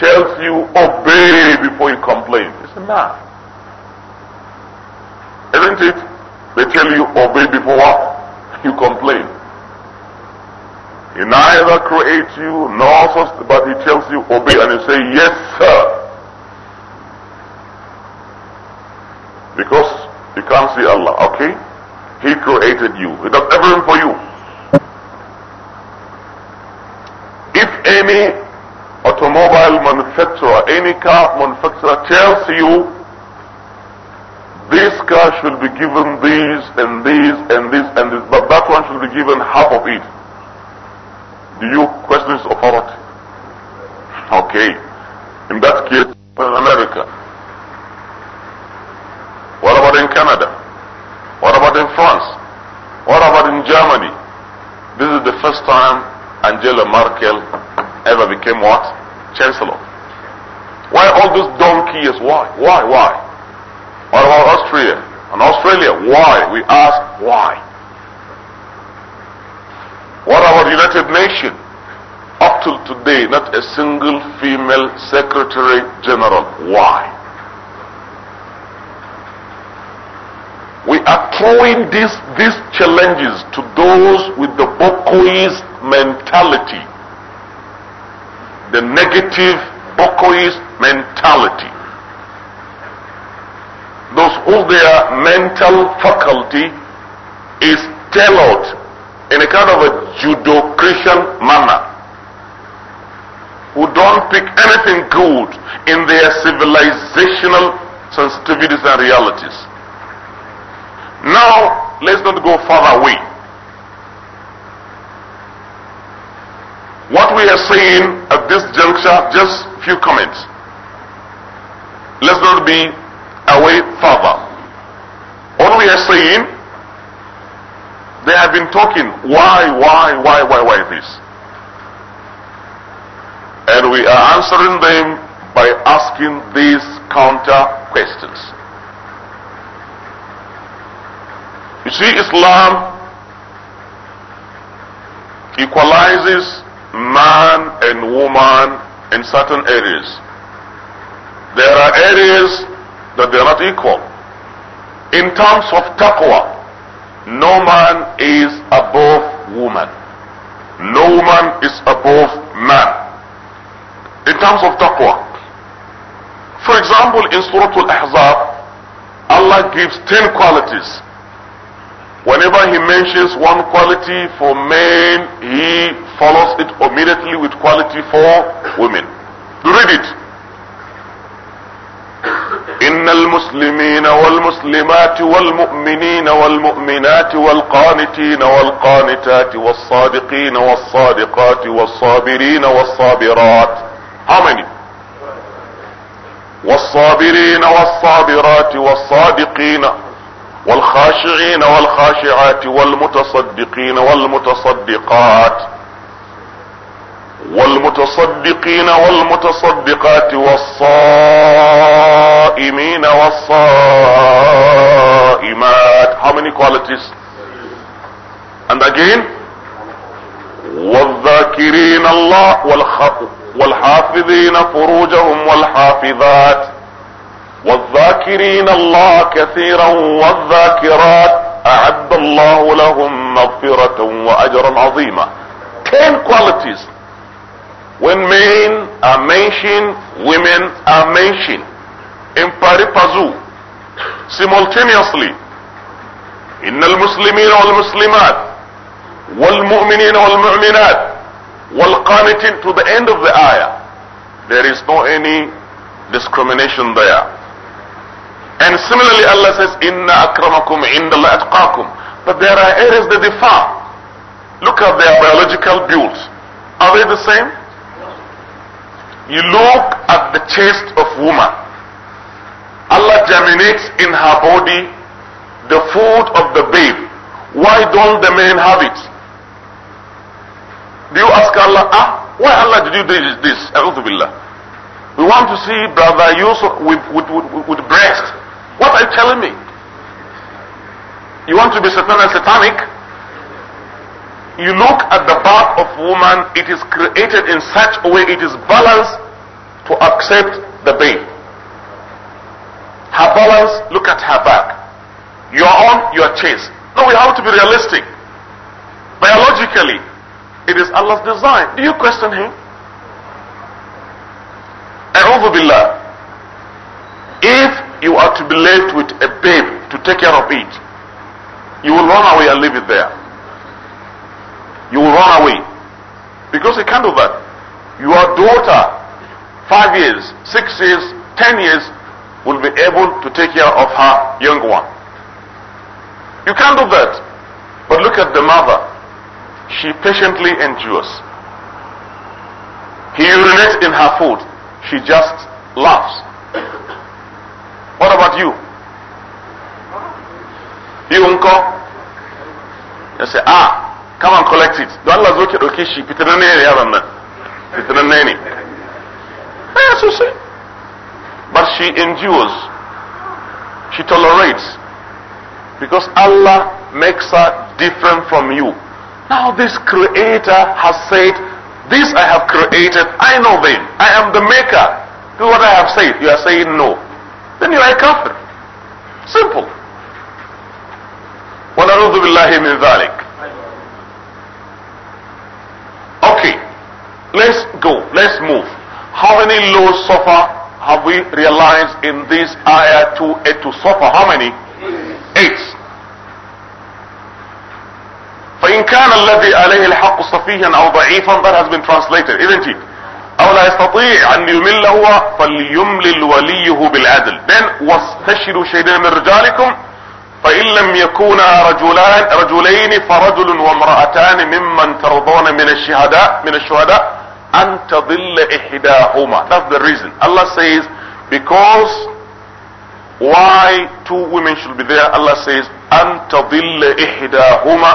tells you obey before you complain. It's enough. Isn't it? They tell you obey before You complain. He neither creates you nor sustains, but he tells you obey and you say yes sir. Because you can't see Allah, okay? He created you. He does everything for you. any automobile manufacturer, any car manufacturer tells you this car should be given these and these and this and this, but that one should be given half of it. Do you question this authority? Okay. In that case, in America. What about in Canada? What about in France? What about in Germany? This is the first time Angela Merkel ever became what? Chancellor. Why all those donkeys? Why? Why? Why? What about Austria and Australia? Why? We ask why. What about United Nations? Up till today, not a single female Secretary General. Why? We are throwing these, these challenges to those with the Bokoist mentality the negative Bokoist mentality. Those whose their mental faculty is tailored in a kind of a Judo-Christian manner, who don't pick anything good in their civilizational sensitivities and realities. Now, let's not go far away. What we are saying at this juncture, just a few comments. Let's not be away further. What we are saying, they have been talking, why, why, why, why, why this? And we are answering them by asking these counter questions. You see, Islam equalizes man and woman in certain areas. There are areas that they are not equal. In terms of taqwa, no man is above woman. No woman is above man. In terms of taqwa. For example, in Surah Al-Ahzab, Allah gives 10 qualities. Whenever He mentions one quality for men, He follows it immediately with quality for women. Read it. إن المسلمين والمسلمات والمؤمنين والمؤمنات والقانتين والقانتات والصادقين والصادقات والصابرين والصابرات How many? والصابرين والصابرات والصادقين والخاشعين والخاشعات والمتصدقين والمتصدقات والمتصدقين والمتصدقات والصائمين والصائمات how many qualities and again والذاكرين الله والحافظين فروجهم والحافظات والذاكرين الله كثيرا والذاكرات اعد الله لهم مغفرة واجرا عظيما 10 qualities When men are mentioned, women are mentioned. In paripazu, simultaneously. إن المسلمين والمسلمات والمؤمنين والمؤمنات والقانتين to the end of the ayah. There is no any discrimination there. And similarly Allah says, Inna akramakum indallah atqakum. But there are areas that differ. Look at their biological builds. Are they the same? You look at the chest of woman. Allah germinates in her body the food of the babe. Why don't the men have it? Do you ask Allah, ah, why Allah did you do this? Billah. We want to see brother Yusuf with, with, with, with breast. What are you telling me? You want to be satanic? satanic? you look at the back of woman, it is created in such a way it is balanced to accept the babe. Her balance, look at her back. Your on your chest. No, we have to be realistic. Biologically, it is Allah's design. Do you question Him? Billah. If you are to be left with a babe to take care of it, you will run away and leave it there you will run away. Because you can't do that. Your daughter, five years, six years, ten years, will be able to take care of her young one. You can't do that. But look at the mother. She patiently endures. He urinates in her food. She just laughs. What about you? You uncle? You say, ah, come and collect it don Allah zo ki dauke shi fitinan ne yaron nan fitinan ne ne eh sosai but she endures she tolerates because Allah makes her different from you now this creator has said this I have created I know them I am the maker do what I have said you are saying no then you are a kafir simple ونعوذ بالله من ذلك Let's go. Let's move. How many loads suffer have we realized in this ayah to eight to suffer? How many? Eight. فإن كان الذي عليه الحق صفيا أو ضعيفا that has been translated isn't it أو لا يستطيع أن يمل هو فليملل وليه بالعدل then واستشهدوا شهدين من رجالكم فإن لم يكونا رجلان رجلين فرجل وامرأتان ممن ترضون من الشهداء من الشهداء أن إحداهما that's the reason Allah says because why two women should be there Allah says أن تضل إحداهما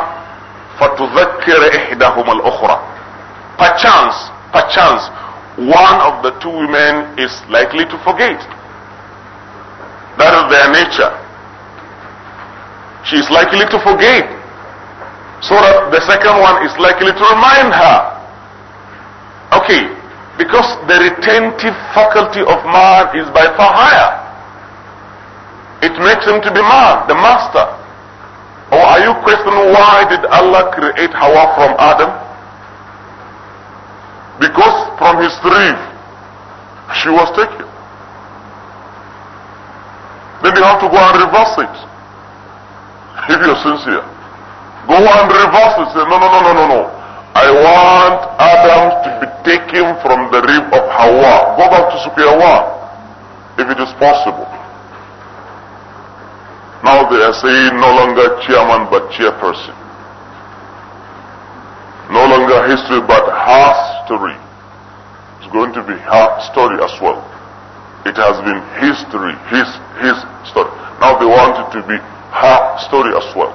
فتذكر إحداهما الأخرى perchance perchance one of the two women is likely to forget that is their nature she is likely to forget so that the second one is likely to remind her Okay, because the retentive faculty of man is by far higher. It makes him to be man, the master. Or are you questioning why did Allah create Hawa from Adam? Because from his dream, she was taken. Then you have to go and reverse it. If you're sincere. Go and reverse it. Say, no, no, no, no, no, no. I want Adam to be taken from the rib of Hawa. Go back to square if it is possible. Now they are saying no longer chairman but chairperson. No longer history but her story. It's going to be her story as well. It has been history, his his story. Now they want it to be her story as well.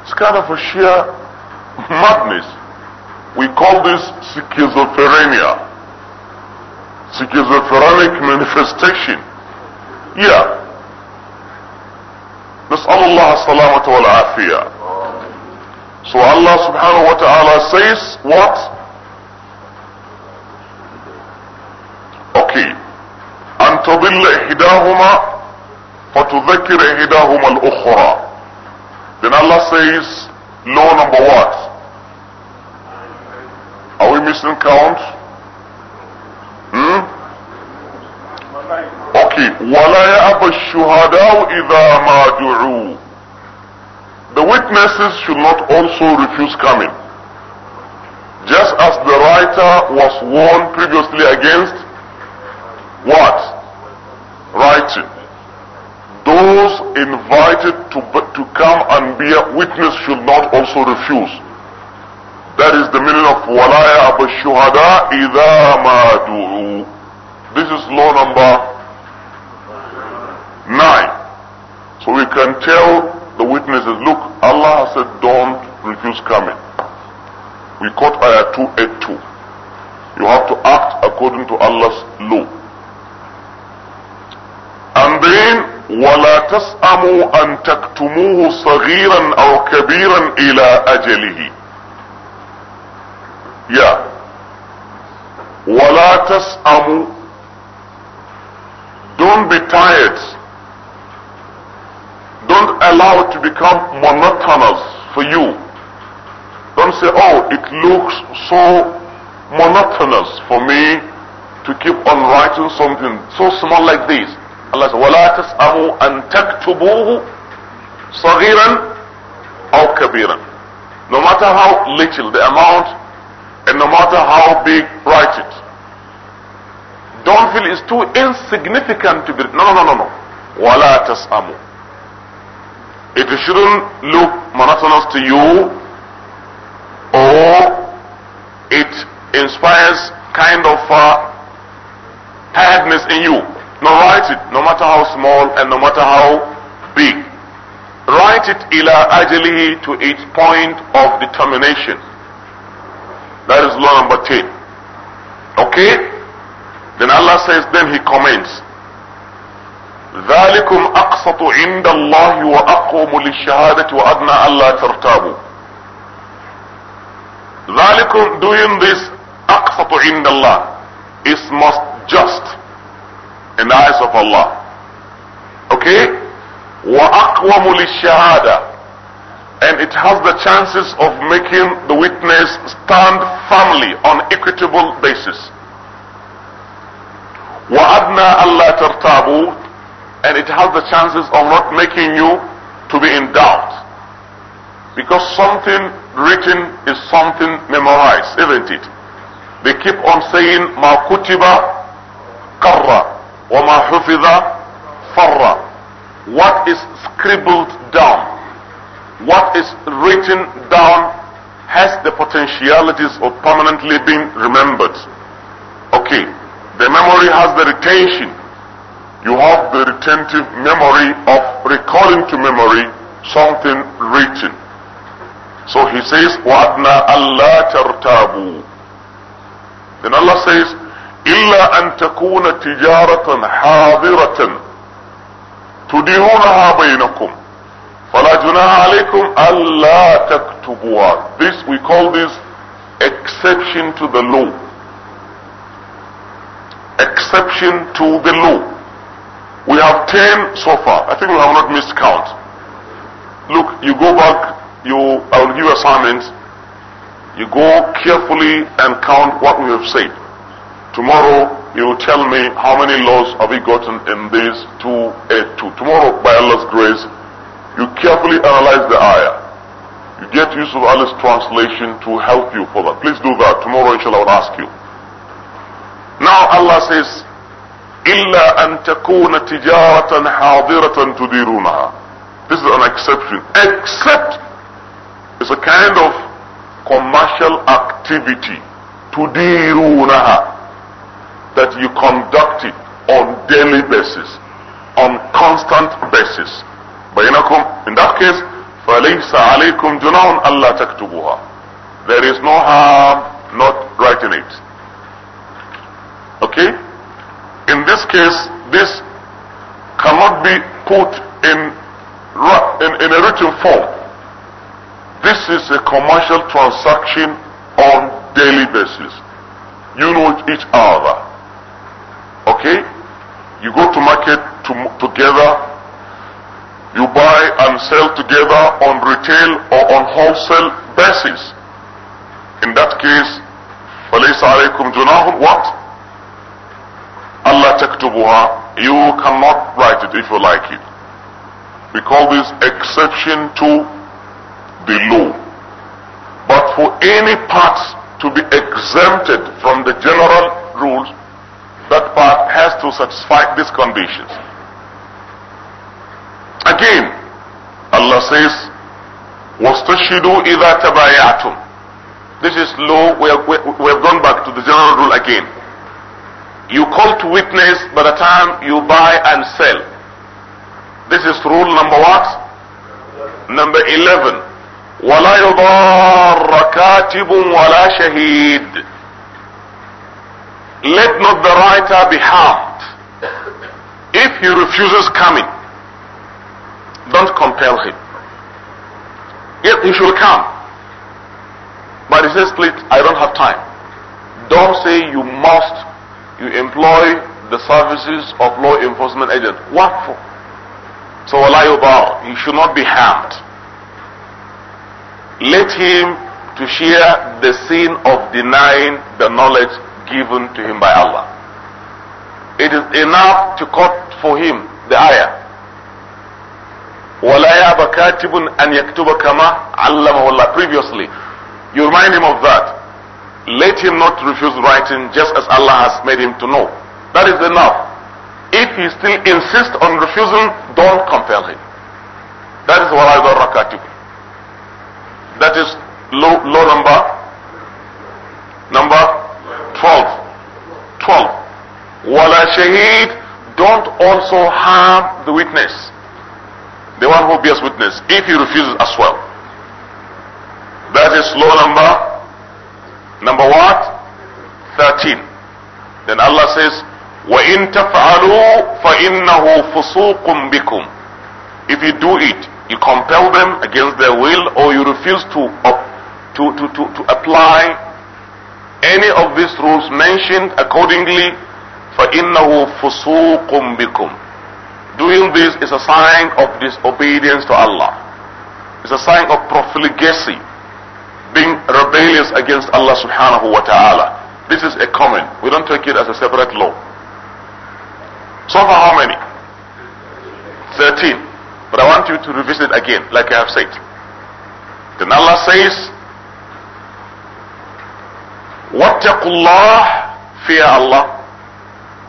It's kind of a sheer madness. We call this schizophrenia. Schizophrenic manifestation. Yeah. نسأل الله السلامة والعافية. So Allah subhanahu wa ta'ala says what? Okay. أن تضل إحداهما فتذكر إحداهما الأخرى. Then Allah says, law number what? Are we missing count? Hmm? Okay. وَلَا يَأْبَ الشُّهَدَاءُ إِذَا مَا دُعُوا The witnesses should not also refuse coming. Just as the writer was warned previously against what? Writing. Those invited to, to come and bear witness should not also refuse. That is the meaning of walaya shuhada idha ma du'u. This is law number nine. So we can tell the witnesses, look, Allah said don't refuse coming. We quote ayah 282. You have to act according to Allah's law. And then ولا تسأموا أن تكتموه صغيرا أو كبيرا إلى أجله yeah. Wala tas'amu. Don't be tired. Don't allow it to become monotonous for you. Don't say, oh, it looks so monotonous for me to keep on writing something so small like this. Allah says, وَلَا تَسْأَمُوا أَن تَكْتُبُوهُ صَغِيرًا أَوْ كَبِيرًا No matter how little the amount and no matter how big, write it. Don't feel it's too insignificant to be. No, no, no, no, no. Wala tasamu. It shouldn't look monotonous to you, or it inspires kind of uh, tiredness in you. No, write it, no matter how small and no matter how big. Write it ila ajalihi to its point of determination. That is law number 10. Okay? Then Allah says, then He comments, ذلكم أقسط عند الله وأقوم للشهادة وأدنى ألا ترتابوا ذلكم doing this أقسط عند الله is most just in the eyes of Allah okay وأقوم للشهادة and it has the chances of making the witness stand firmly on equitable basis. وَأَدْنَا أَلَّا تَرْتَابُوا And it has the chances of not making you to be in doubt. Because something written is something memorized, isn't it? They keep on saying, مَا كُتِبَ or وَمَا حُفِظَ فَرَّ What is scribbled down what is written down has the potentialities of permanently being remembered. Okay, the memory has the retention. You have the retentive memory of recalling to memory something written. So he says, وَأَدْنَا أَلَّا تَرْتَابُوا Then Allah says, إِلَّا أَن تَكُونَ تِجَارَةً حَاضِرَةً تُدِيهُنَهَا بَيْنَكُمْ فَلَا جُنَاهَ عَلَيْكُمْ أَلَّا This, we call this exception to the law. Exception to the law. We have ten so far. I think we have not missed count. Look, you go back, you, I will give assignments. You go carefully and count what we have said. Tomorrow, you will tell me how many laws have we gotten in these two, eight, two. Tomorrow, by Allah's grace, you carefully analyze the ayah. You get Yusuf Ali's translation to help you for that. Please do that. Tomorrow, inshallah, I'll ask you. Now Allah says, إلا أن تكون تجارة حاضرة تديرونها. This is an exception. Except it's a kind of commercial activity. تديرونها. That you conduct it on daily basis, on constant basis. بينكم in that case فليس عليكم جناح ألا تكتبوها there is no harm not writing it okay in this case this cannot be put in in, in a written form this is a commercial transaction on daily basis you know each other okay you go to market to, together you buy and sell together on retail or on wholesale basis. In that case, فَلَيْسَ عَلَيْكُمْ جُنَاهٌ What? Allah تَكْتُبُهَا You cannot write it if you like it. We call this exception to the law. But for any part to be exempted from the general rules, that part has to satisfy these conditions. Again, Allah says, وَاسْتَشْهِدُوا إِذَا تَبَايَعْتُمْ This is law, we have, we have gone back to the general rule again. You call to witness by the time you buy and sell. This is rule number what? Number 11. ولا يضار كاتب ولا شهيد let not the writer be harmed if he refuses coming don't compel him. Yes, he should come. But he says, please, I don't have time. Don't say you must, you employ the services of law enforcement agent. What for? So Allah yubar, he should not be harmed. Let him to share the sin of denying the knowledge given to him by Allah. It is enough to cut for him the ayah. وَلَا يَعْبَ كَاتِبٌ أَنْ يَكْتُبَ كَمَا عَلَّمَهُ اللَّهُ Previously, you remind him of that. Let him not refuse writing just as Allah has made him to know. That is enough. If he still insists on refusing, don't compel him. That is what I got That is low, number, number 12. 12. Wala shaheed, don't also harm the witness the one who bears witness, if he refuses as well. That is law number, number what? 13. Then Allah says, وَإِن تَفْعَلُوا فَإِنَّهُ فُسُوقٌ بِكُمْ If you do it, you compel them against their will or you refuse to, to, to, to, to apply any of these rules mentioned accordingly, فَإِنَّهُ فُسُوقٌ بِكُمْ Doing this is a sign of disobedience to Allah. It's a sign of profligacy, being rebellious against Allah subhanahu wa ta'ala. This is a common. We don't take it as a separate law. So far how many? 13. But I want you to revisit again, like I have said. Then Allah says, وَاتَّقُوا اللَّهِ Fear Allah.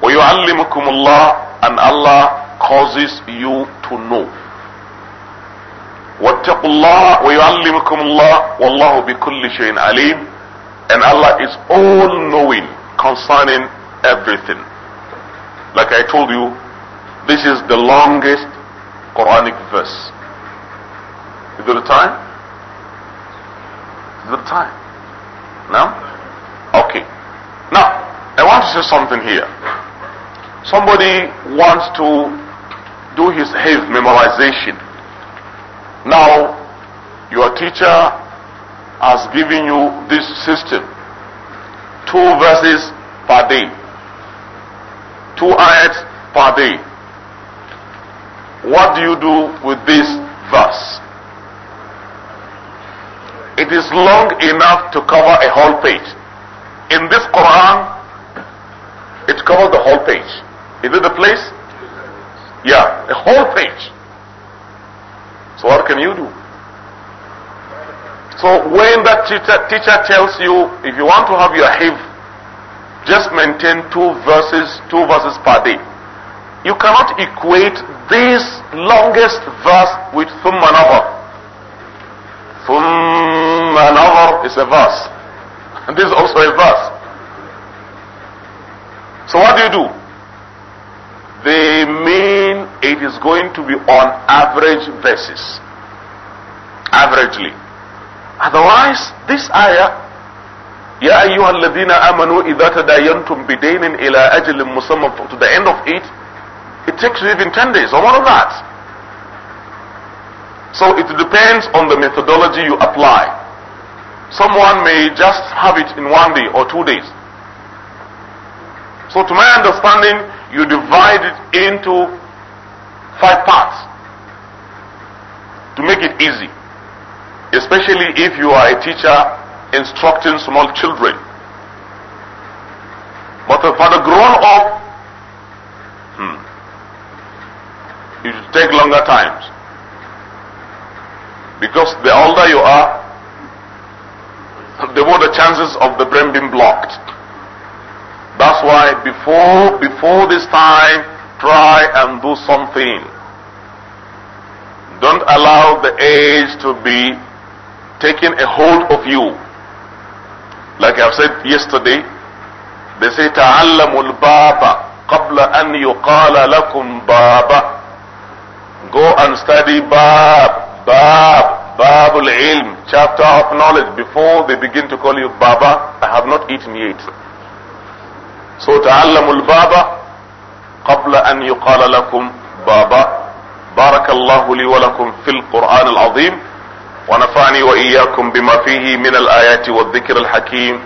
وَيُعَلِّمُكُمُ اللَّهِ And Allah causes you to know. واتقوا الله ويعلمكم الله والله بكل شيء عليم and Allah is all knowing concerning everything like I told you this is the longest Quranic verse is there a time is there a time now okay now I want to say something here somebody wants to do his heavy memorization. Now, your teacher has given you this system. Two verses per day. Two ayats per day. What do you do with this verse? It is long enough to cover a whole page. In this Quran, it covers the whole page. Is it the place? Yeah, a whole page. So what can you do? So when that teacher, teacher tells you, if you want to have your hiv, just maintain two verses, two verses per day. You cannot equate this longest verse with ثم نظر. ثم نظر is a verse. And this is also a verse. So what do you do? The main it is going to be on average basis. Averagely. Otherwise, this ayah يا أيها الذين آمنوا إذا تداينتم بدين إلى أجل مسمى to the end of it it takes you even 10 days or more of that so it depends on the methodology you apply someone may just have it in one day or two days so to my understanding you divide it into Five parts. To make it easy. Especially if you are a teacher instructing small children. But for the grown up, hmm, it take longer times. Because the older you are, the more the chances of the brain being blocked. That's why before before this time Try and do something. Don't allow the age to be taking a hold of you. Like I've said yesterday, they say, تعلم الباب قبل أن يقال لكم باب. Go and study Bab, Bab, Babul Ilm, chapter of knowledge before they begin to call you Baba. I have not eaten yet. So تعلم الباب قبل أن يقال لكم بابا بارك الله لي ولكم في القرآن العظيم ونفعني وإياكم بما فيه من الآيات والذكر الحكيم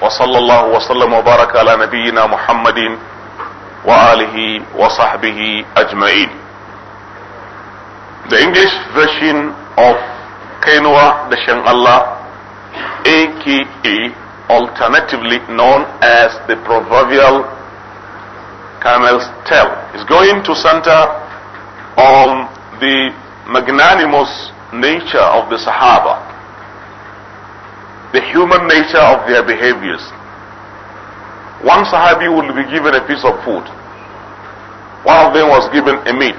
وصلى الله وسلم وبارك على نبينا محمد وآله وصحبه أجمعين The English version of Kainwa Dashan Allah AKA alternatively known as the proverbial camel's tail. It's going to center on the magnanimous nature of the Sahaba, the human nature of their behaviors. One Sahabi will be given a piece of food. One of them was given a meat.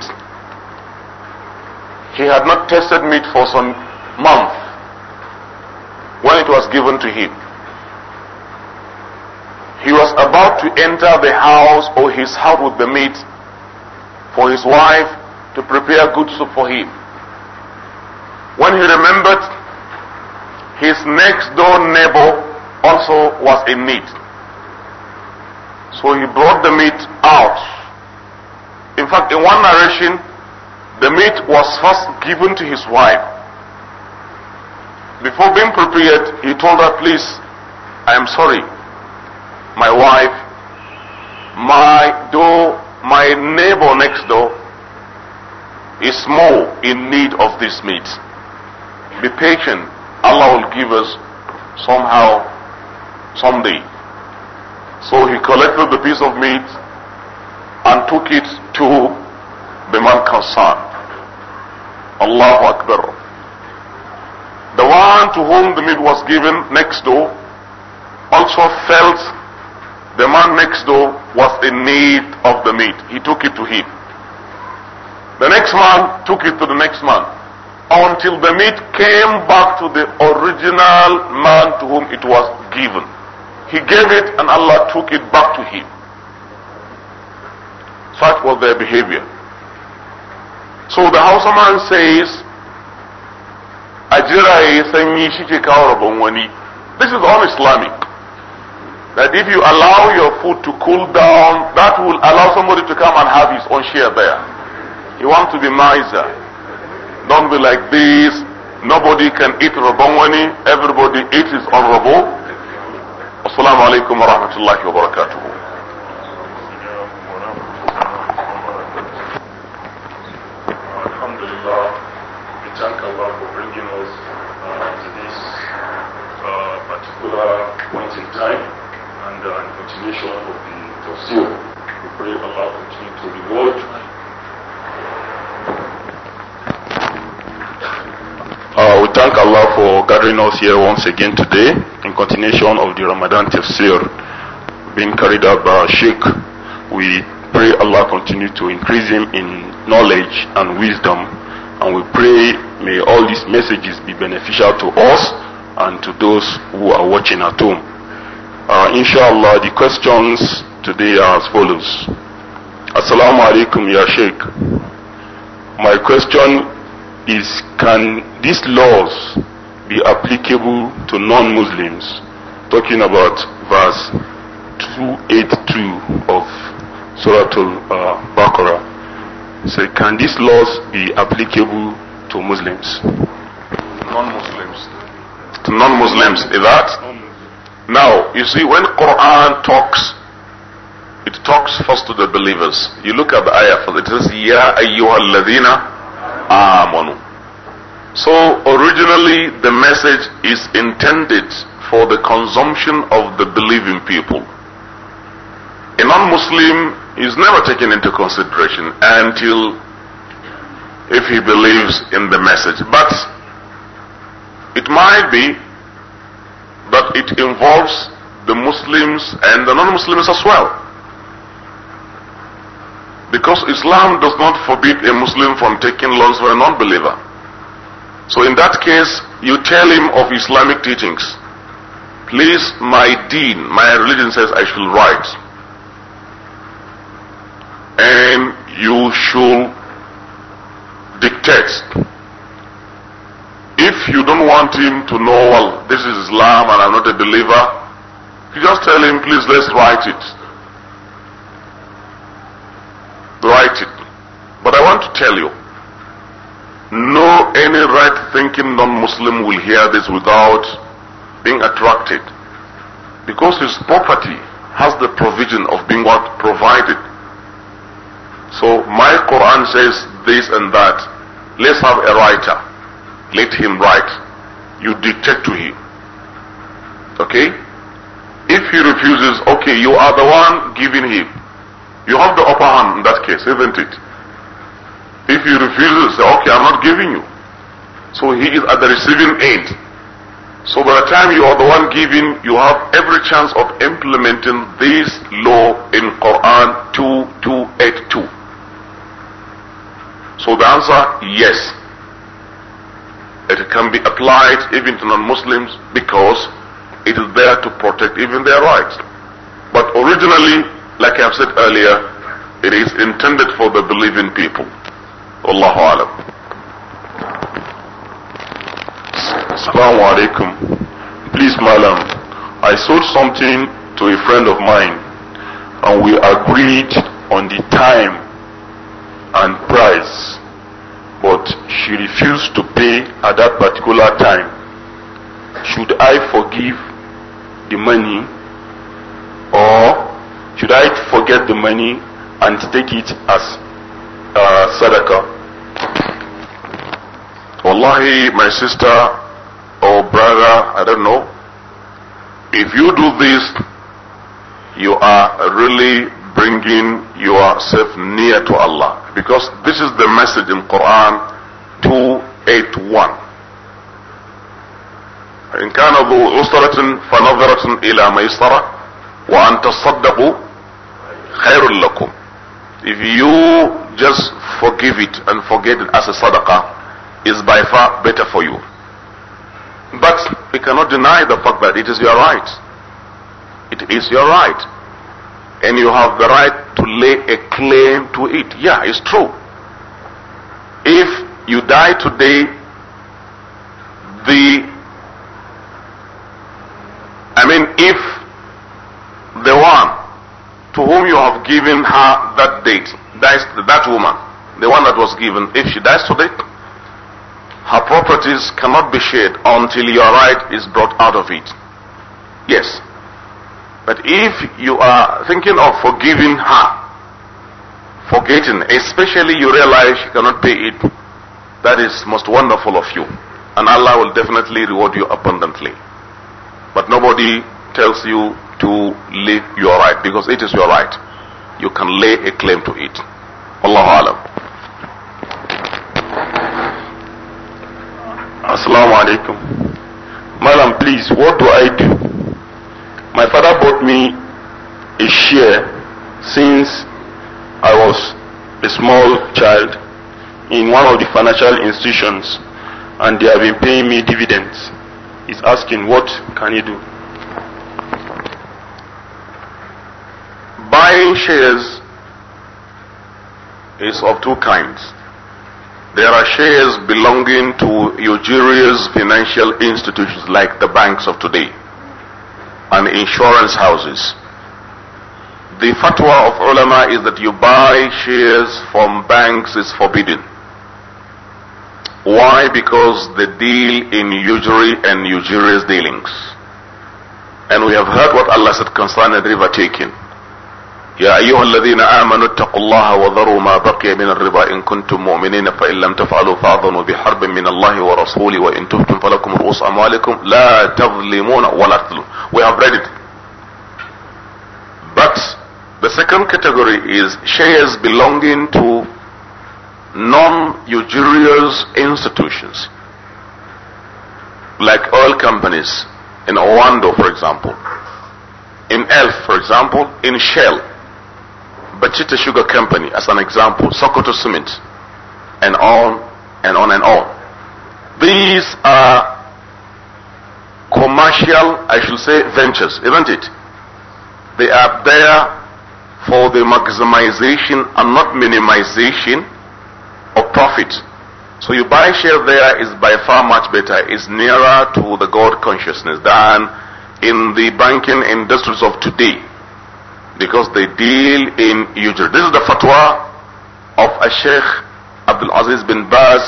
He had not tasted meat for some month when it was given to him. He was about to enter the house or his house with the meat for his wife to prepare good soup for him. When he remembered, his next door neighbor also was in need. So he brought the meat out. In fact, in one narration, the meat was first given to his wife. Before being prepared, he told her, Please, I am sorry my wife, my door, my neighbor next door is more in need of this meat. Be patient. Allah will give us somehow, someday. So he collected the piece of meat and took it to the man concerned. Allahu Akbar. The one to whom the meat was given next door also felt the man next door was in need of the meat. He took it to him. The next man took it to the next man until the meat came back to the original man to whom it was given. He gave it and Allah took it back to him. Such was their behavior. So the Hausa man says, Ajira This is all Islamic that if you allow your food to cool down, that will allow somebody to come and have his own share there. You want to be miser. Don't be like this. Nobody can eat Rabongwani. Everybody eats his own rabaw. Assalamu alaikum wa rahmatullahi wa barakatuh. Alhamdulillah, we thank Allah for bringing us uh, to this uh, particular point in time and in continuation of the tafsir. We pray Allah continue to reward. Uh, we thank Allah for gathering us here once again today in continuation of the Ramadan tafsir being carried out by our Sheikh. We pray Allah continue to increase him in knowledge and wisdom. And we pray may all these messages be beneficial to us and to those who are watching at home. Uh, inshallah, the questions today are as follows. Assalamu alaikum, Ya Sheikh. My question is Can these laws be applicable to non Muslims? Talking about verse 282 of Surah uh, Al Baqarah. So, can these laws be applicable to Muslims? Non Muslims. To non Muslims, is that? Now, you see, when Quran talks, it talks first to the believers. You look at the ayah first. It says, Ya ayyuhalladhina amanu. So, originally, the message is intended for the consumption of the believing people. A non-Muslim is never taken into consideration until if he believes in the message. But it might be that it involves the Muslims and the non-Muslims as well. Because Islam does not forbid a Muslim from taking loans for a non-believer. So in that case, you tell him of Islamic teachings. Please, my deen, my religion says I shall write. And you should dictate if you don't want him to know, well, this is Islam and I'm not a believer, you just tell him, please, let's write it. Write it. But I want to tell you, no any right-thinking non-Muslim will hear this without being attracted. Because his property has the provision of being what? Provided. So my Quran says this and that. Let's have a writer let him write. You dictate to him. Okay? If he refuses, okay, you are the one giving him. You have the upper hand in that case, isn't it? If he refuses, okay, I'm not giving you. So he is at the receiving end. So by the time you are the one giving, you have every chance of implementing this law in Quran 2282. So the answer, yes. It can be applied even to non-Muslims because it is there to protect even their rights. But originally, like I have said earlier, it is intended for the believing people. Allahu Alam. Assalamu alaikum. Please, madam, I sold something to a friend of mine and we agreed on the time and price but she refused to pay at that particular time. Should I forgive the money or should I forget the money and take it as uh, sadaqah? Wallahi, my sister or brother, I don't know. If you do this, you are really bringing yourself near to Allah. Because this is the message in Quran 281. كان ذو فنظرة إلى ميسرة وأن تصدقوا خير لكم. If you just forgive it and forget it as a sadaqah is by far better for you. But we cannot deny the fact that it is your right. It is your right and you have the right to lay a claim to it. Yeah, it's true. If you die today, the, I mean, if the one to whom you have given her that date dies, that woman, the one that was given, if she dies today, her properties cannot be shared until your right is brought out of it. Yes. But if you are thinking of forgiving her, forgetting, especially you realize she cannot pay it, that is most wonderful of you. And Allah will definitely reward you abundantly. But nobody tells you to leave your right because it is your right. You can lay a claim to it. Allahu Alam. Assalamu alaikum. Madam, please, what do I do my father bought me a share since I was a small child in one of the financial institutions and they have been paying me dividends. He's asking, what can you do? Buying shares is of two kinds. There are shares belonging to usurious financial institutions like the banks of today and insurance houses. The fatwa of ulama is that you buy shares from banks is forbidden. Why? Because they deal in usury and usurious dealings. And we have heard what Allah said concerning river taking. يا ايها الذين امنوا اتقوا الله وذروا ما بقي من الربا ان كنتم مؤمنين فان لم تفعلوا فاذنوا بحرب من الله ورسوله وان فلكم رؤوس اموالكم لا تظلمون ولا تظلمون we have read it but the second category is shares belonging to non-usurious institutions like oil companies in Orlando, for example in ELF for example in Shell Bachita Sugar Company as an example, Sokoto Cement, and on and on and on. These are commercial, I should say, ventures, isn't it? They are there for the maximization and not minimization of profit. So you buy share there is by far much better, is nearer to the God consciousness than in the banking industries of today because they deal in usury. This is the fatwa of a Sheikh Abdul Aziz bin Baz,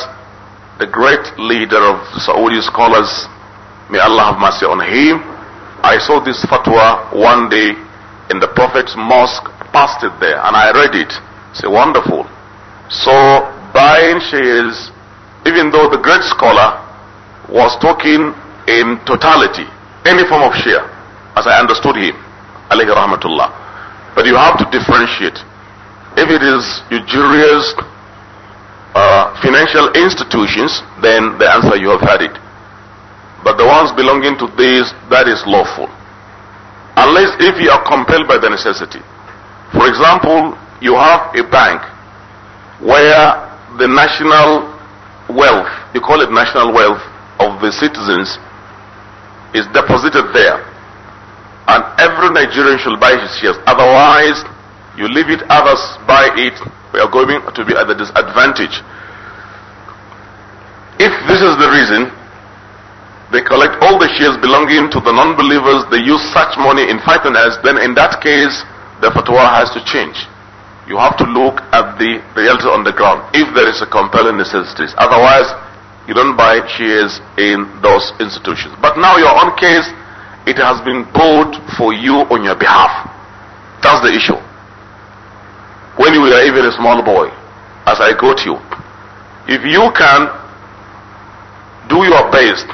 the great leader of Saudi scholars. May Allah have mercy on him. I saw this fatwa one day in the Prophet's mosque, passed it there, and I read it. It's wonderful. So buying shares, even though the great scholar was talking in totality, any form of share, as I understood him, alayhi rahmatullah. But you have to differentiate. If it is usurious uh, financial institutions, then the answer you have had it. But the ones belonging to these, that is lawful. Unless if you are compelled by the necessity. For example, you have a bank where the national wealth, you call it national wealth of the citizens, is deposited there and every Nigerian should buy his shares. Otherwise, you leave it, others buy it, we are going to be at a disadvantage. If this is the reason, they collect all the shares belonging to the non-believers, they use such money in fighting us, then in that case, the fatwa has to change. You have to look at the reality on the ground, if there is a compelling necessity. Otherwise, you don't buy shares in those institutions. But now your own case, it has been bought for you on your behalf. That's the issue. When you were even a small boy, as I quote you, if you can do your best,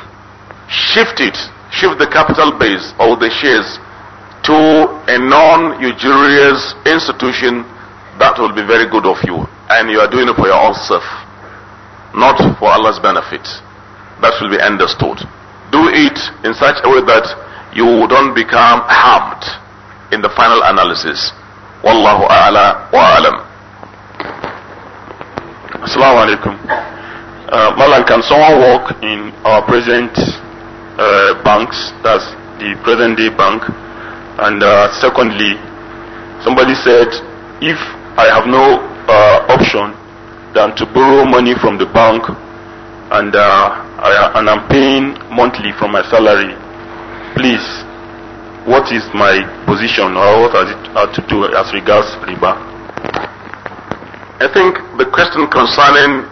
shift it, shift the capital base of the shares to a non-usurious institution, that will be very good of you. And you are doing it for your own self, not for Allah's benefit. That will be understood. Do it in such a way that you don't become harmed in the final analysis. Wallahu a'la wa alam. Assalamu alaikum. Uh, Malan, can someone work in our present uh, banks? That's the present day bank. And uh, secondly, somebody said, if I have no uh, option than to borrow money from the bank and, uh, I, and I'm paying monthly from my salary, please, what is my position or what has it had to do as regards riba? I think the question concerning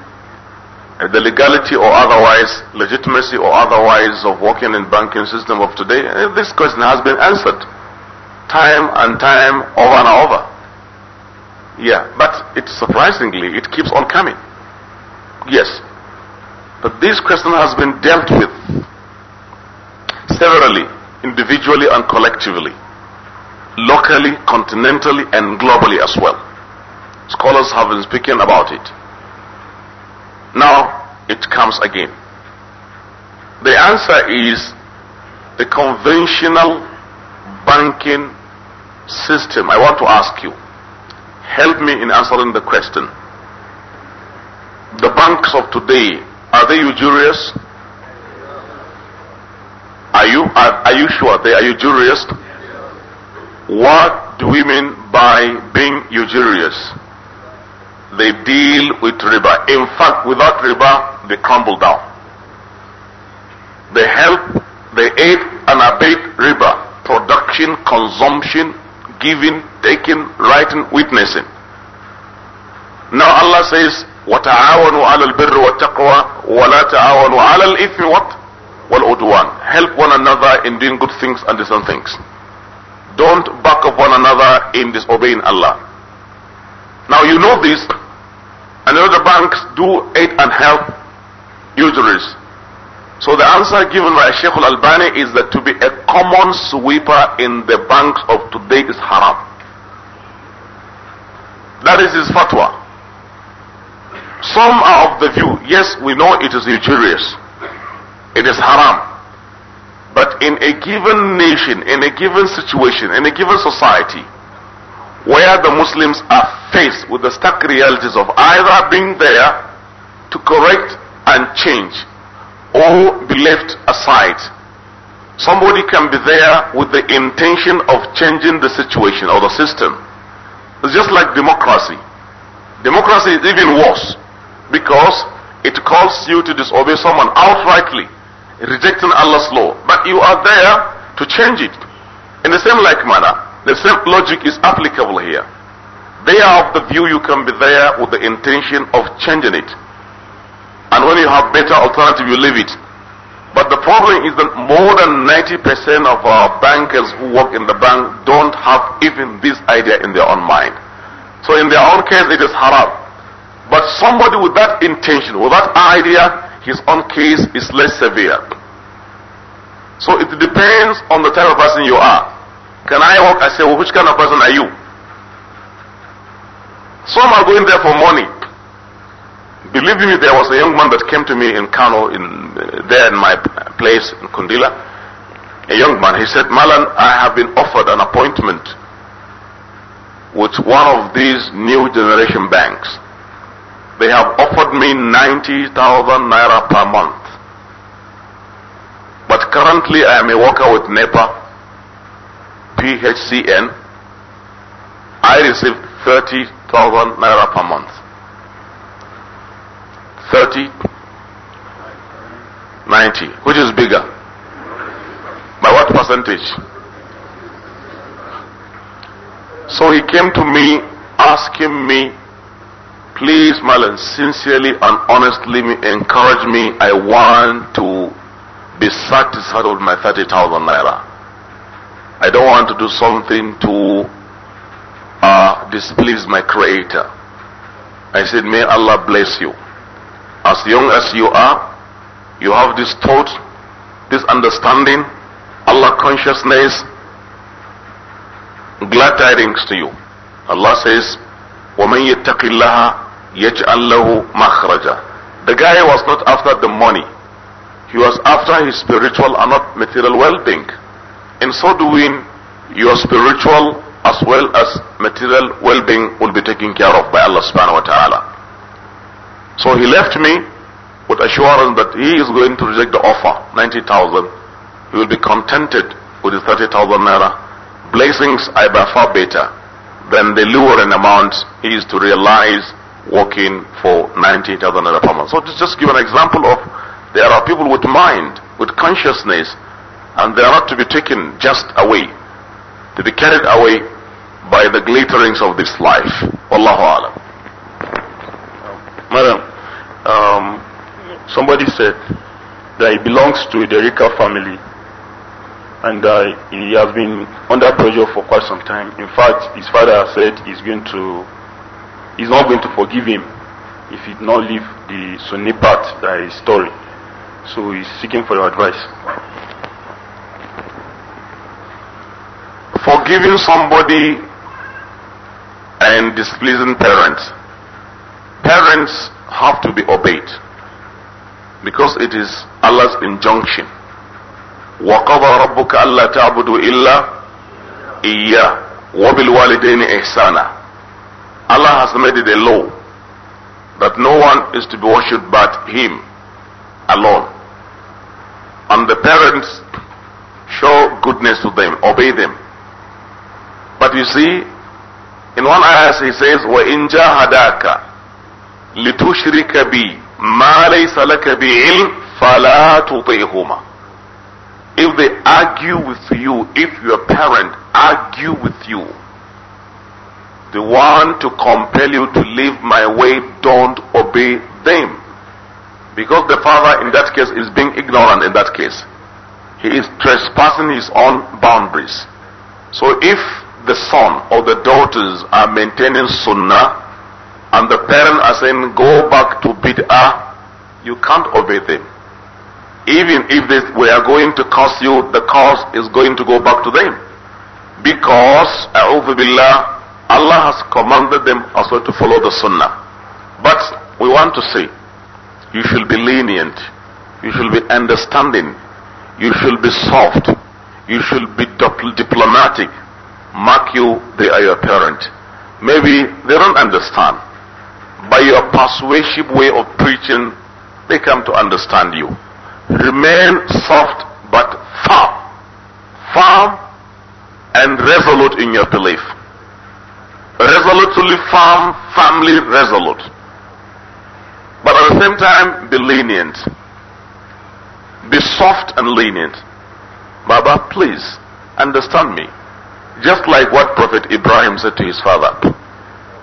uh, the legality or otherwise, legitimacy or otherwise of working in banking system of today, uh, this question has been answered time and time over and over. Yeah, but it surprisingly it keeps on coming. Yes, but this question has been dealt with severally individually and collectively, locally, continentally, and globally as well. Scholars have been speaking about it. Now it comes again. The answer is the conventional banking system. I want to ask you, help me in answering the question. The banks of today, are they usurious? Are you, are, are you sure? Are you jurious? What do we mean by being usurious? They deal with riba. In fact, without riba, they crumble down. They help, they aid and abate riba. Production, consumption, giving, taking, writing, witnessing. Now Allah says, وَتَعَاوَنُوا عَلَى الْبِرِّ وَالتَّقْوَى وَلَا تَعَاوَنُوا عَلَى الْإِثْمِ وَالتَّقْوَى والعدوان help one another in doing good things and decent things don't back up one another in disobeying Allah now you know this and other banks do aid and help usurers so the answer given by Sheikh al-Albani is that to be a common sweeper in the banks of today is haram that is his fatwa some are of the view yes we know it is usurious it is haram. But in a given nation, in a given situation, in a given society, where the Muslims are faced with the stark realities of either being there to correct and change or be left aside. Somebody can be there with the intention of changing the situation or the system. It's just like democracy. Democracy is even worse because it calls you to disobey someone outrightly rejecting Allah's law, but you are there to change it. In the same like manner, the same logic is applicable here. They are of the view you can be there with the intention of changing it. And when you have better alternative, you leave it. But the problem is that more than 90% of our bankers who work in the bank don't have even this idea in their own mind. So in their own case, it is haram. But somebody with that intention, with that idea, his own case is less severe. So it depends on the type of person you are. Can I walk? I say, well, which kind of person are you? Some are going there for money. Believe me, there was a young man that came to me in Kano, in, uh, there in my place in Kundila. A young man, he said, Malan, I have been offered an appointment with one of these new generation banks. They have offered me 90,000 naira per month. But currently I am a worker with NEPA, PHCN. I receive 30,000 naira per month. 30, 90. Which is bigger? By what percentage? So he came to me asking me please, Malan, sincerely and honestly encourage me. I want to be satisfied with my 30,000 naira. I don't want to do something to uh, displease my creator. I said, may Allah bless you. As young as you are, you have this thought, this understanding, Allah consciousness, glad tidings to you. Allah says, وَمَنْ يَتَّقِ اللَّهَ Allahu makhraja. The guy was not after the money. He was after his spiritual and not material well-being. In so doing, your spiritual as well as material well-being will be taken care of by Allah subhanahu wa ta'ala. So he left me with assurance that he is going to reject the offer, 90,000. He will be contented with his 30,000 naira. Blessings are by far better than the luring amount he is to realize working for 90,000 naira per month. So just just give an example of there are people with mind, with consciousness, and they are not to be taken just away, to be carried away by the glitterings of this life. Wallahu alam. Madam, um, somebody said that he belongs to the Rika family and uh, he has been under pressure for quite some time. In fact, his father said he's going to He's not going to forgive him if he did not leave the Sunni part that is story. So he's seeking for your advice. Forgiving somebody and displeasing parents. Parents have to be obeyed because it is Allah's injunction. وقضى ربك ألا تعبدوا إلا إياه وبالوالدين إحسانا Allah has made it a law that no one is to be worshipped but Him alone. And the parents show goodness to them, obey them. But you see, in one ayah he says, وَإِن جَاهَدَاكَ لِتُشْرِكَ بِي مَا لَيْسَ لَكَ بِعِلْمٍ فَلَا تُطِعْهُمَا If they argue with you, if your parent argue with you, the one to compel you to leave my way, don't obey them. Because the father in that case is being ignorant in that case. He is trespassing his own boundaries. So if the son or the daughters are maintaining sunnah and the parents are saying go back to bid'ah, you can't obey them. Even if they are going to curse you, the curse is going to go back to them. Because, A'udhu Billah, Allah has commanded them also to follow the sunnah. But we want to say, you should be lenient, you should be understanding, you should be soft, you should be diplomatic. Mark you, they are your parent. Maybe they don't understand. By your persuasive way of preaching, they come to understand you. Remain soft but firm. Firm and resolute in your belief resolutely firm, firmly resolute. But at the same time, be lenient. Be soft and lenient. Baba, please understand me. Just like what Prophet Ibrahim said to his father.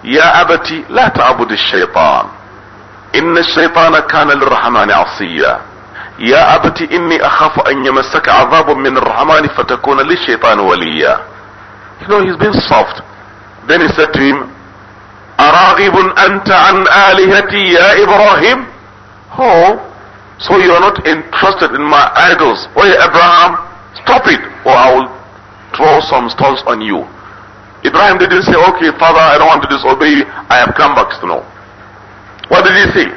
Ya abati la ta'budu shaytan. Inna shaytana kana lirrahmani asiya. يا أبت إني أخاف أن يمسك عذاب من الرحمن فتكون للشيطان وليا. You know, he's been soft. Then he said to him, Araghibun anta an alihati ya Ibrahim? Oh, so you are not interested in my idols. Oh, Abraham, stop it or I will throw some stones on you. Ibrahim didn't say, okay, father, I don't want to disobey you. I have come back to know. What did he say?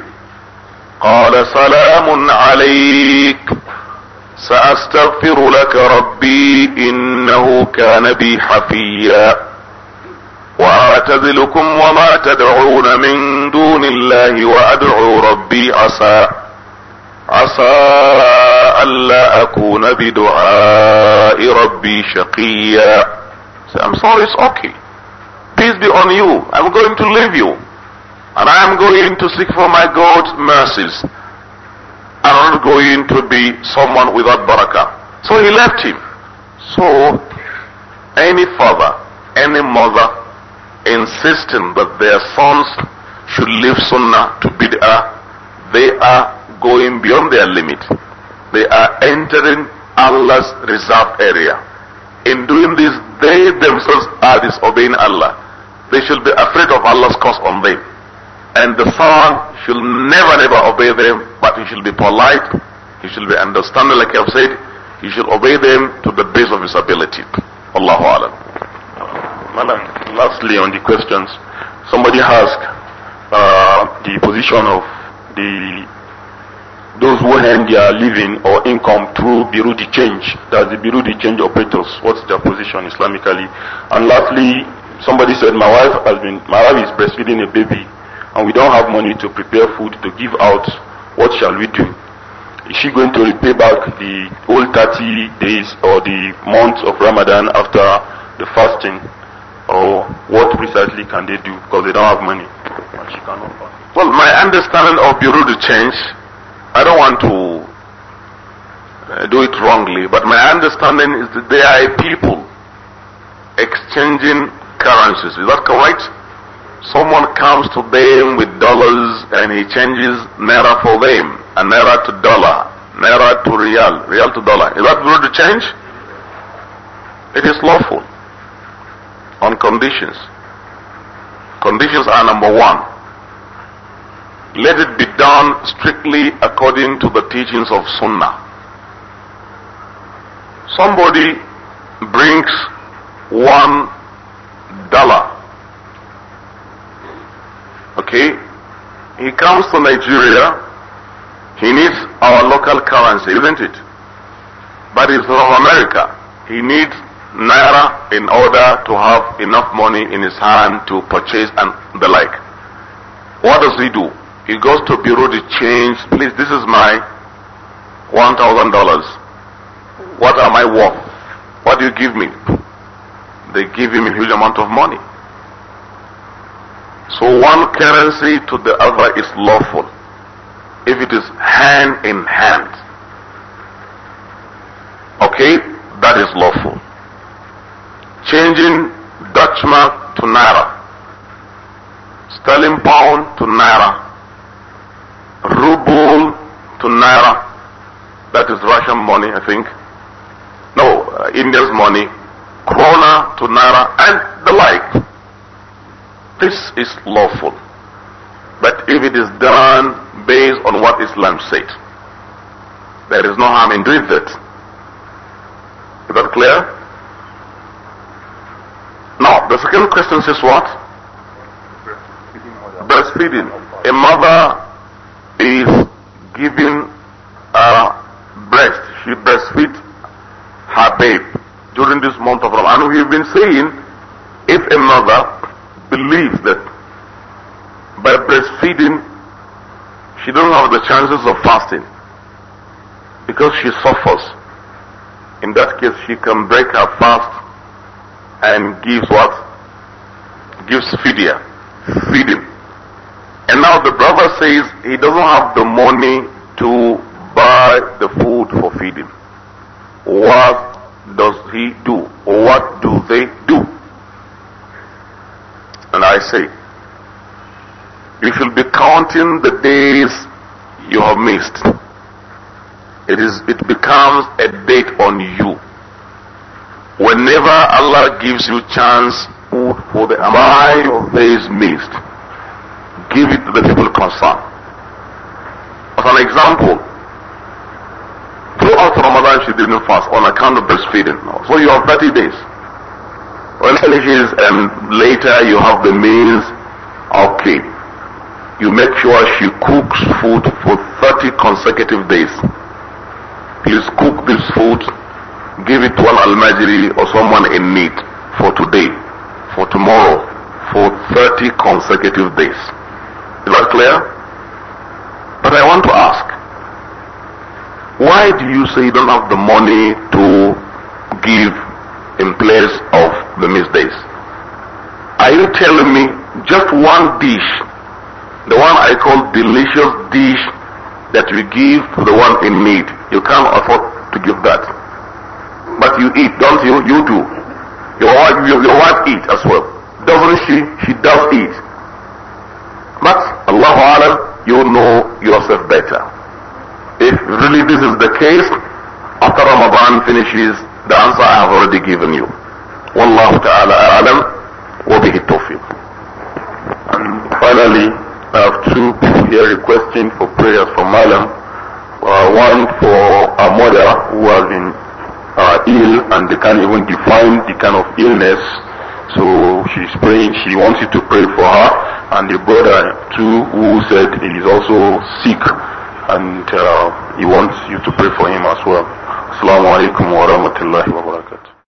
قال سلام عليك سأستغفر لك ربي إنه كان بي حفيا واعتزلكم وما تدعون من دون الله وادعو ربي عسى عسى الا اكون بدعاء ربي شقيا so I'm sorry it's okay peace be on you I'm going to leave you and I'm going to seek for my God's mercies I'm not going to be someone without barakah so he left him so any father any mother insisting that their sons should leave sunnah to bid'ah, they are going beyond their limit. They are entering Allah's reserved area. In doing this, they themselves are disobeying Allah. They should be afraid of Allah's curse on them. And the son should never, never obey them, but he should be polite, he should be understanding, like I've said, he should obey them to the best of his ability. Allahu Alam. Madam, lastly on the questions, somebody asked uh, the position of the those who earn their living or income through Birudi change, that's the Birudi change operators, what's their position Islamically? And lastly, somebody said, my wife has been, my wife is breastfeeding a baby and we don't have money to prepare food to give out. What shall we do? is she going to repay back the whole 30 days or the month of Ramadan after the fasting? Or what precisely can they do? Because they don't have money. Well, my understanding of Bureau de Change, I don't want to uh, do it wrongly, but my understanding is that they are people exchanging currencies. Is that correct? Someone comes to them with dollars and he changes naira for them, and naira to dollar, naira to real, real to dollar. Is that Bureau de Change? It is lawful on conditions. Conditions are number one, let it be done strictly according to the teachings of Sunnah. Somebody brings one dollar. Okay? He comes to Nigeria, he needs our local currency, isn't it? But he's from America. He needs naira in order to have enough money in his hand to purchase and the like. What does he do? He goes to bureau to change. Please, this is my one thousand dollars. What am I worth? What do you give me? They give him a huge amount of money. So one currency to the other is lawful if it is hand in hand. Okay, that is lawful changing Dutch mark to Naira, sterling pound to Naira, ruble to Naira, that is Russian money, I think. No, uh, India's money, krona to Naira, and the like. This is lawful. But if it is done based on what Islam said, there is no harm in doing that. Is that clear? The second question says what? Breastfeeding. A mother is giving uh, breast. She breastfeeds her babe during this month of Ramadan. And we've been saying if a mother believes that by breastfeeding she doesn't have the chances of fasting because she suffers. In that case, she can break her fast and gives what? Gives fidya, feed him. And now the brother says he doesn't have the money to buy the food for feeding. What does he do? What do they do? And I say, you should be counting the days you have missed. It is, it becomes a date on you. Whenever Allah gives you chance for the amount of days missed, give it to the people concerned. As an example, throughout Ramadan she didn't fast on account of breastfeeding. So you have 30 days. well, she and later you have the means, okay. You make sure she cooks food for 30 consecutive days. Please cook this food give it to an almajiri or someone in need for today, for tomorrow, for 30 consecutive days. Is that clear? But I want to ask, why do you say you don't have the money to give in place of the missed days? Are you telling me just one dish, the one I call delicious dish that you give to the one in need, you can't afford to give that? but you eat, don't you? You do. Your wife, your, your wife eat as well. Doesn't she? She does eat. But Allah Alam, you know yourself better. If really this is the case, after Ramadan finishes, the answer I have already given you. Wallahu ta'ala will be bihi tawfiq. And finally, I have two people here requesting for prayers from Malam. Uh, one for a mother who has been are ill and they can't even define the kind of illness. So she's praying, she wants you to pray for her and the brother too who said he is also sick and uh, he wants you to pray for him as well. Assalamu alaikum wa rahmatullahi wa barakatuh.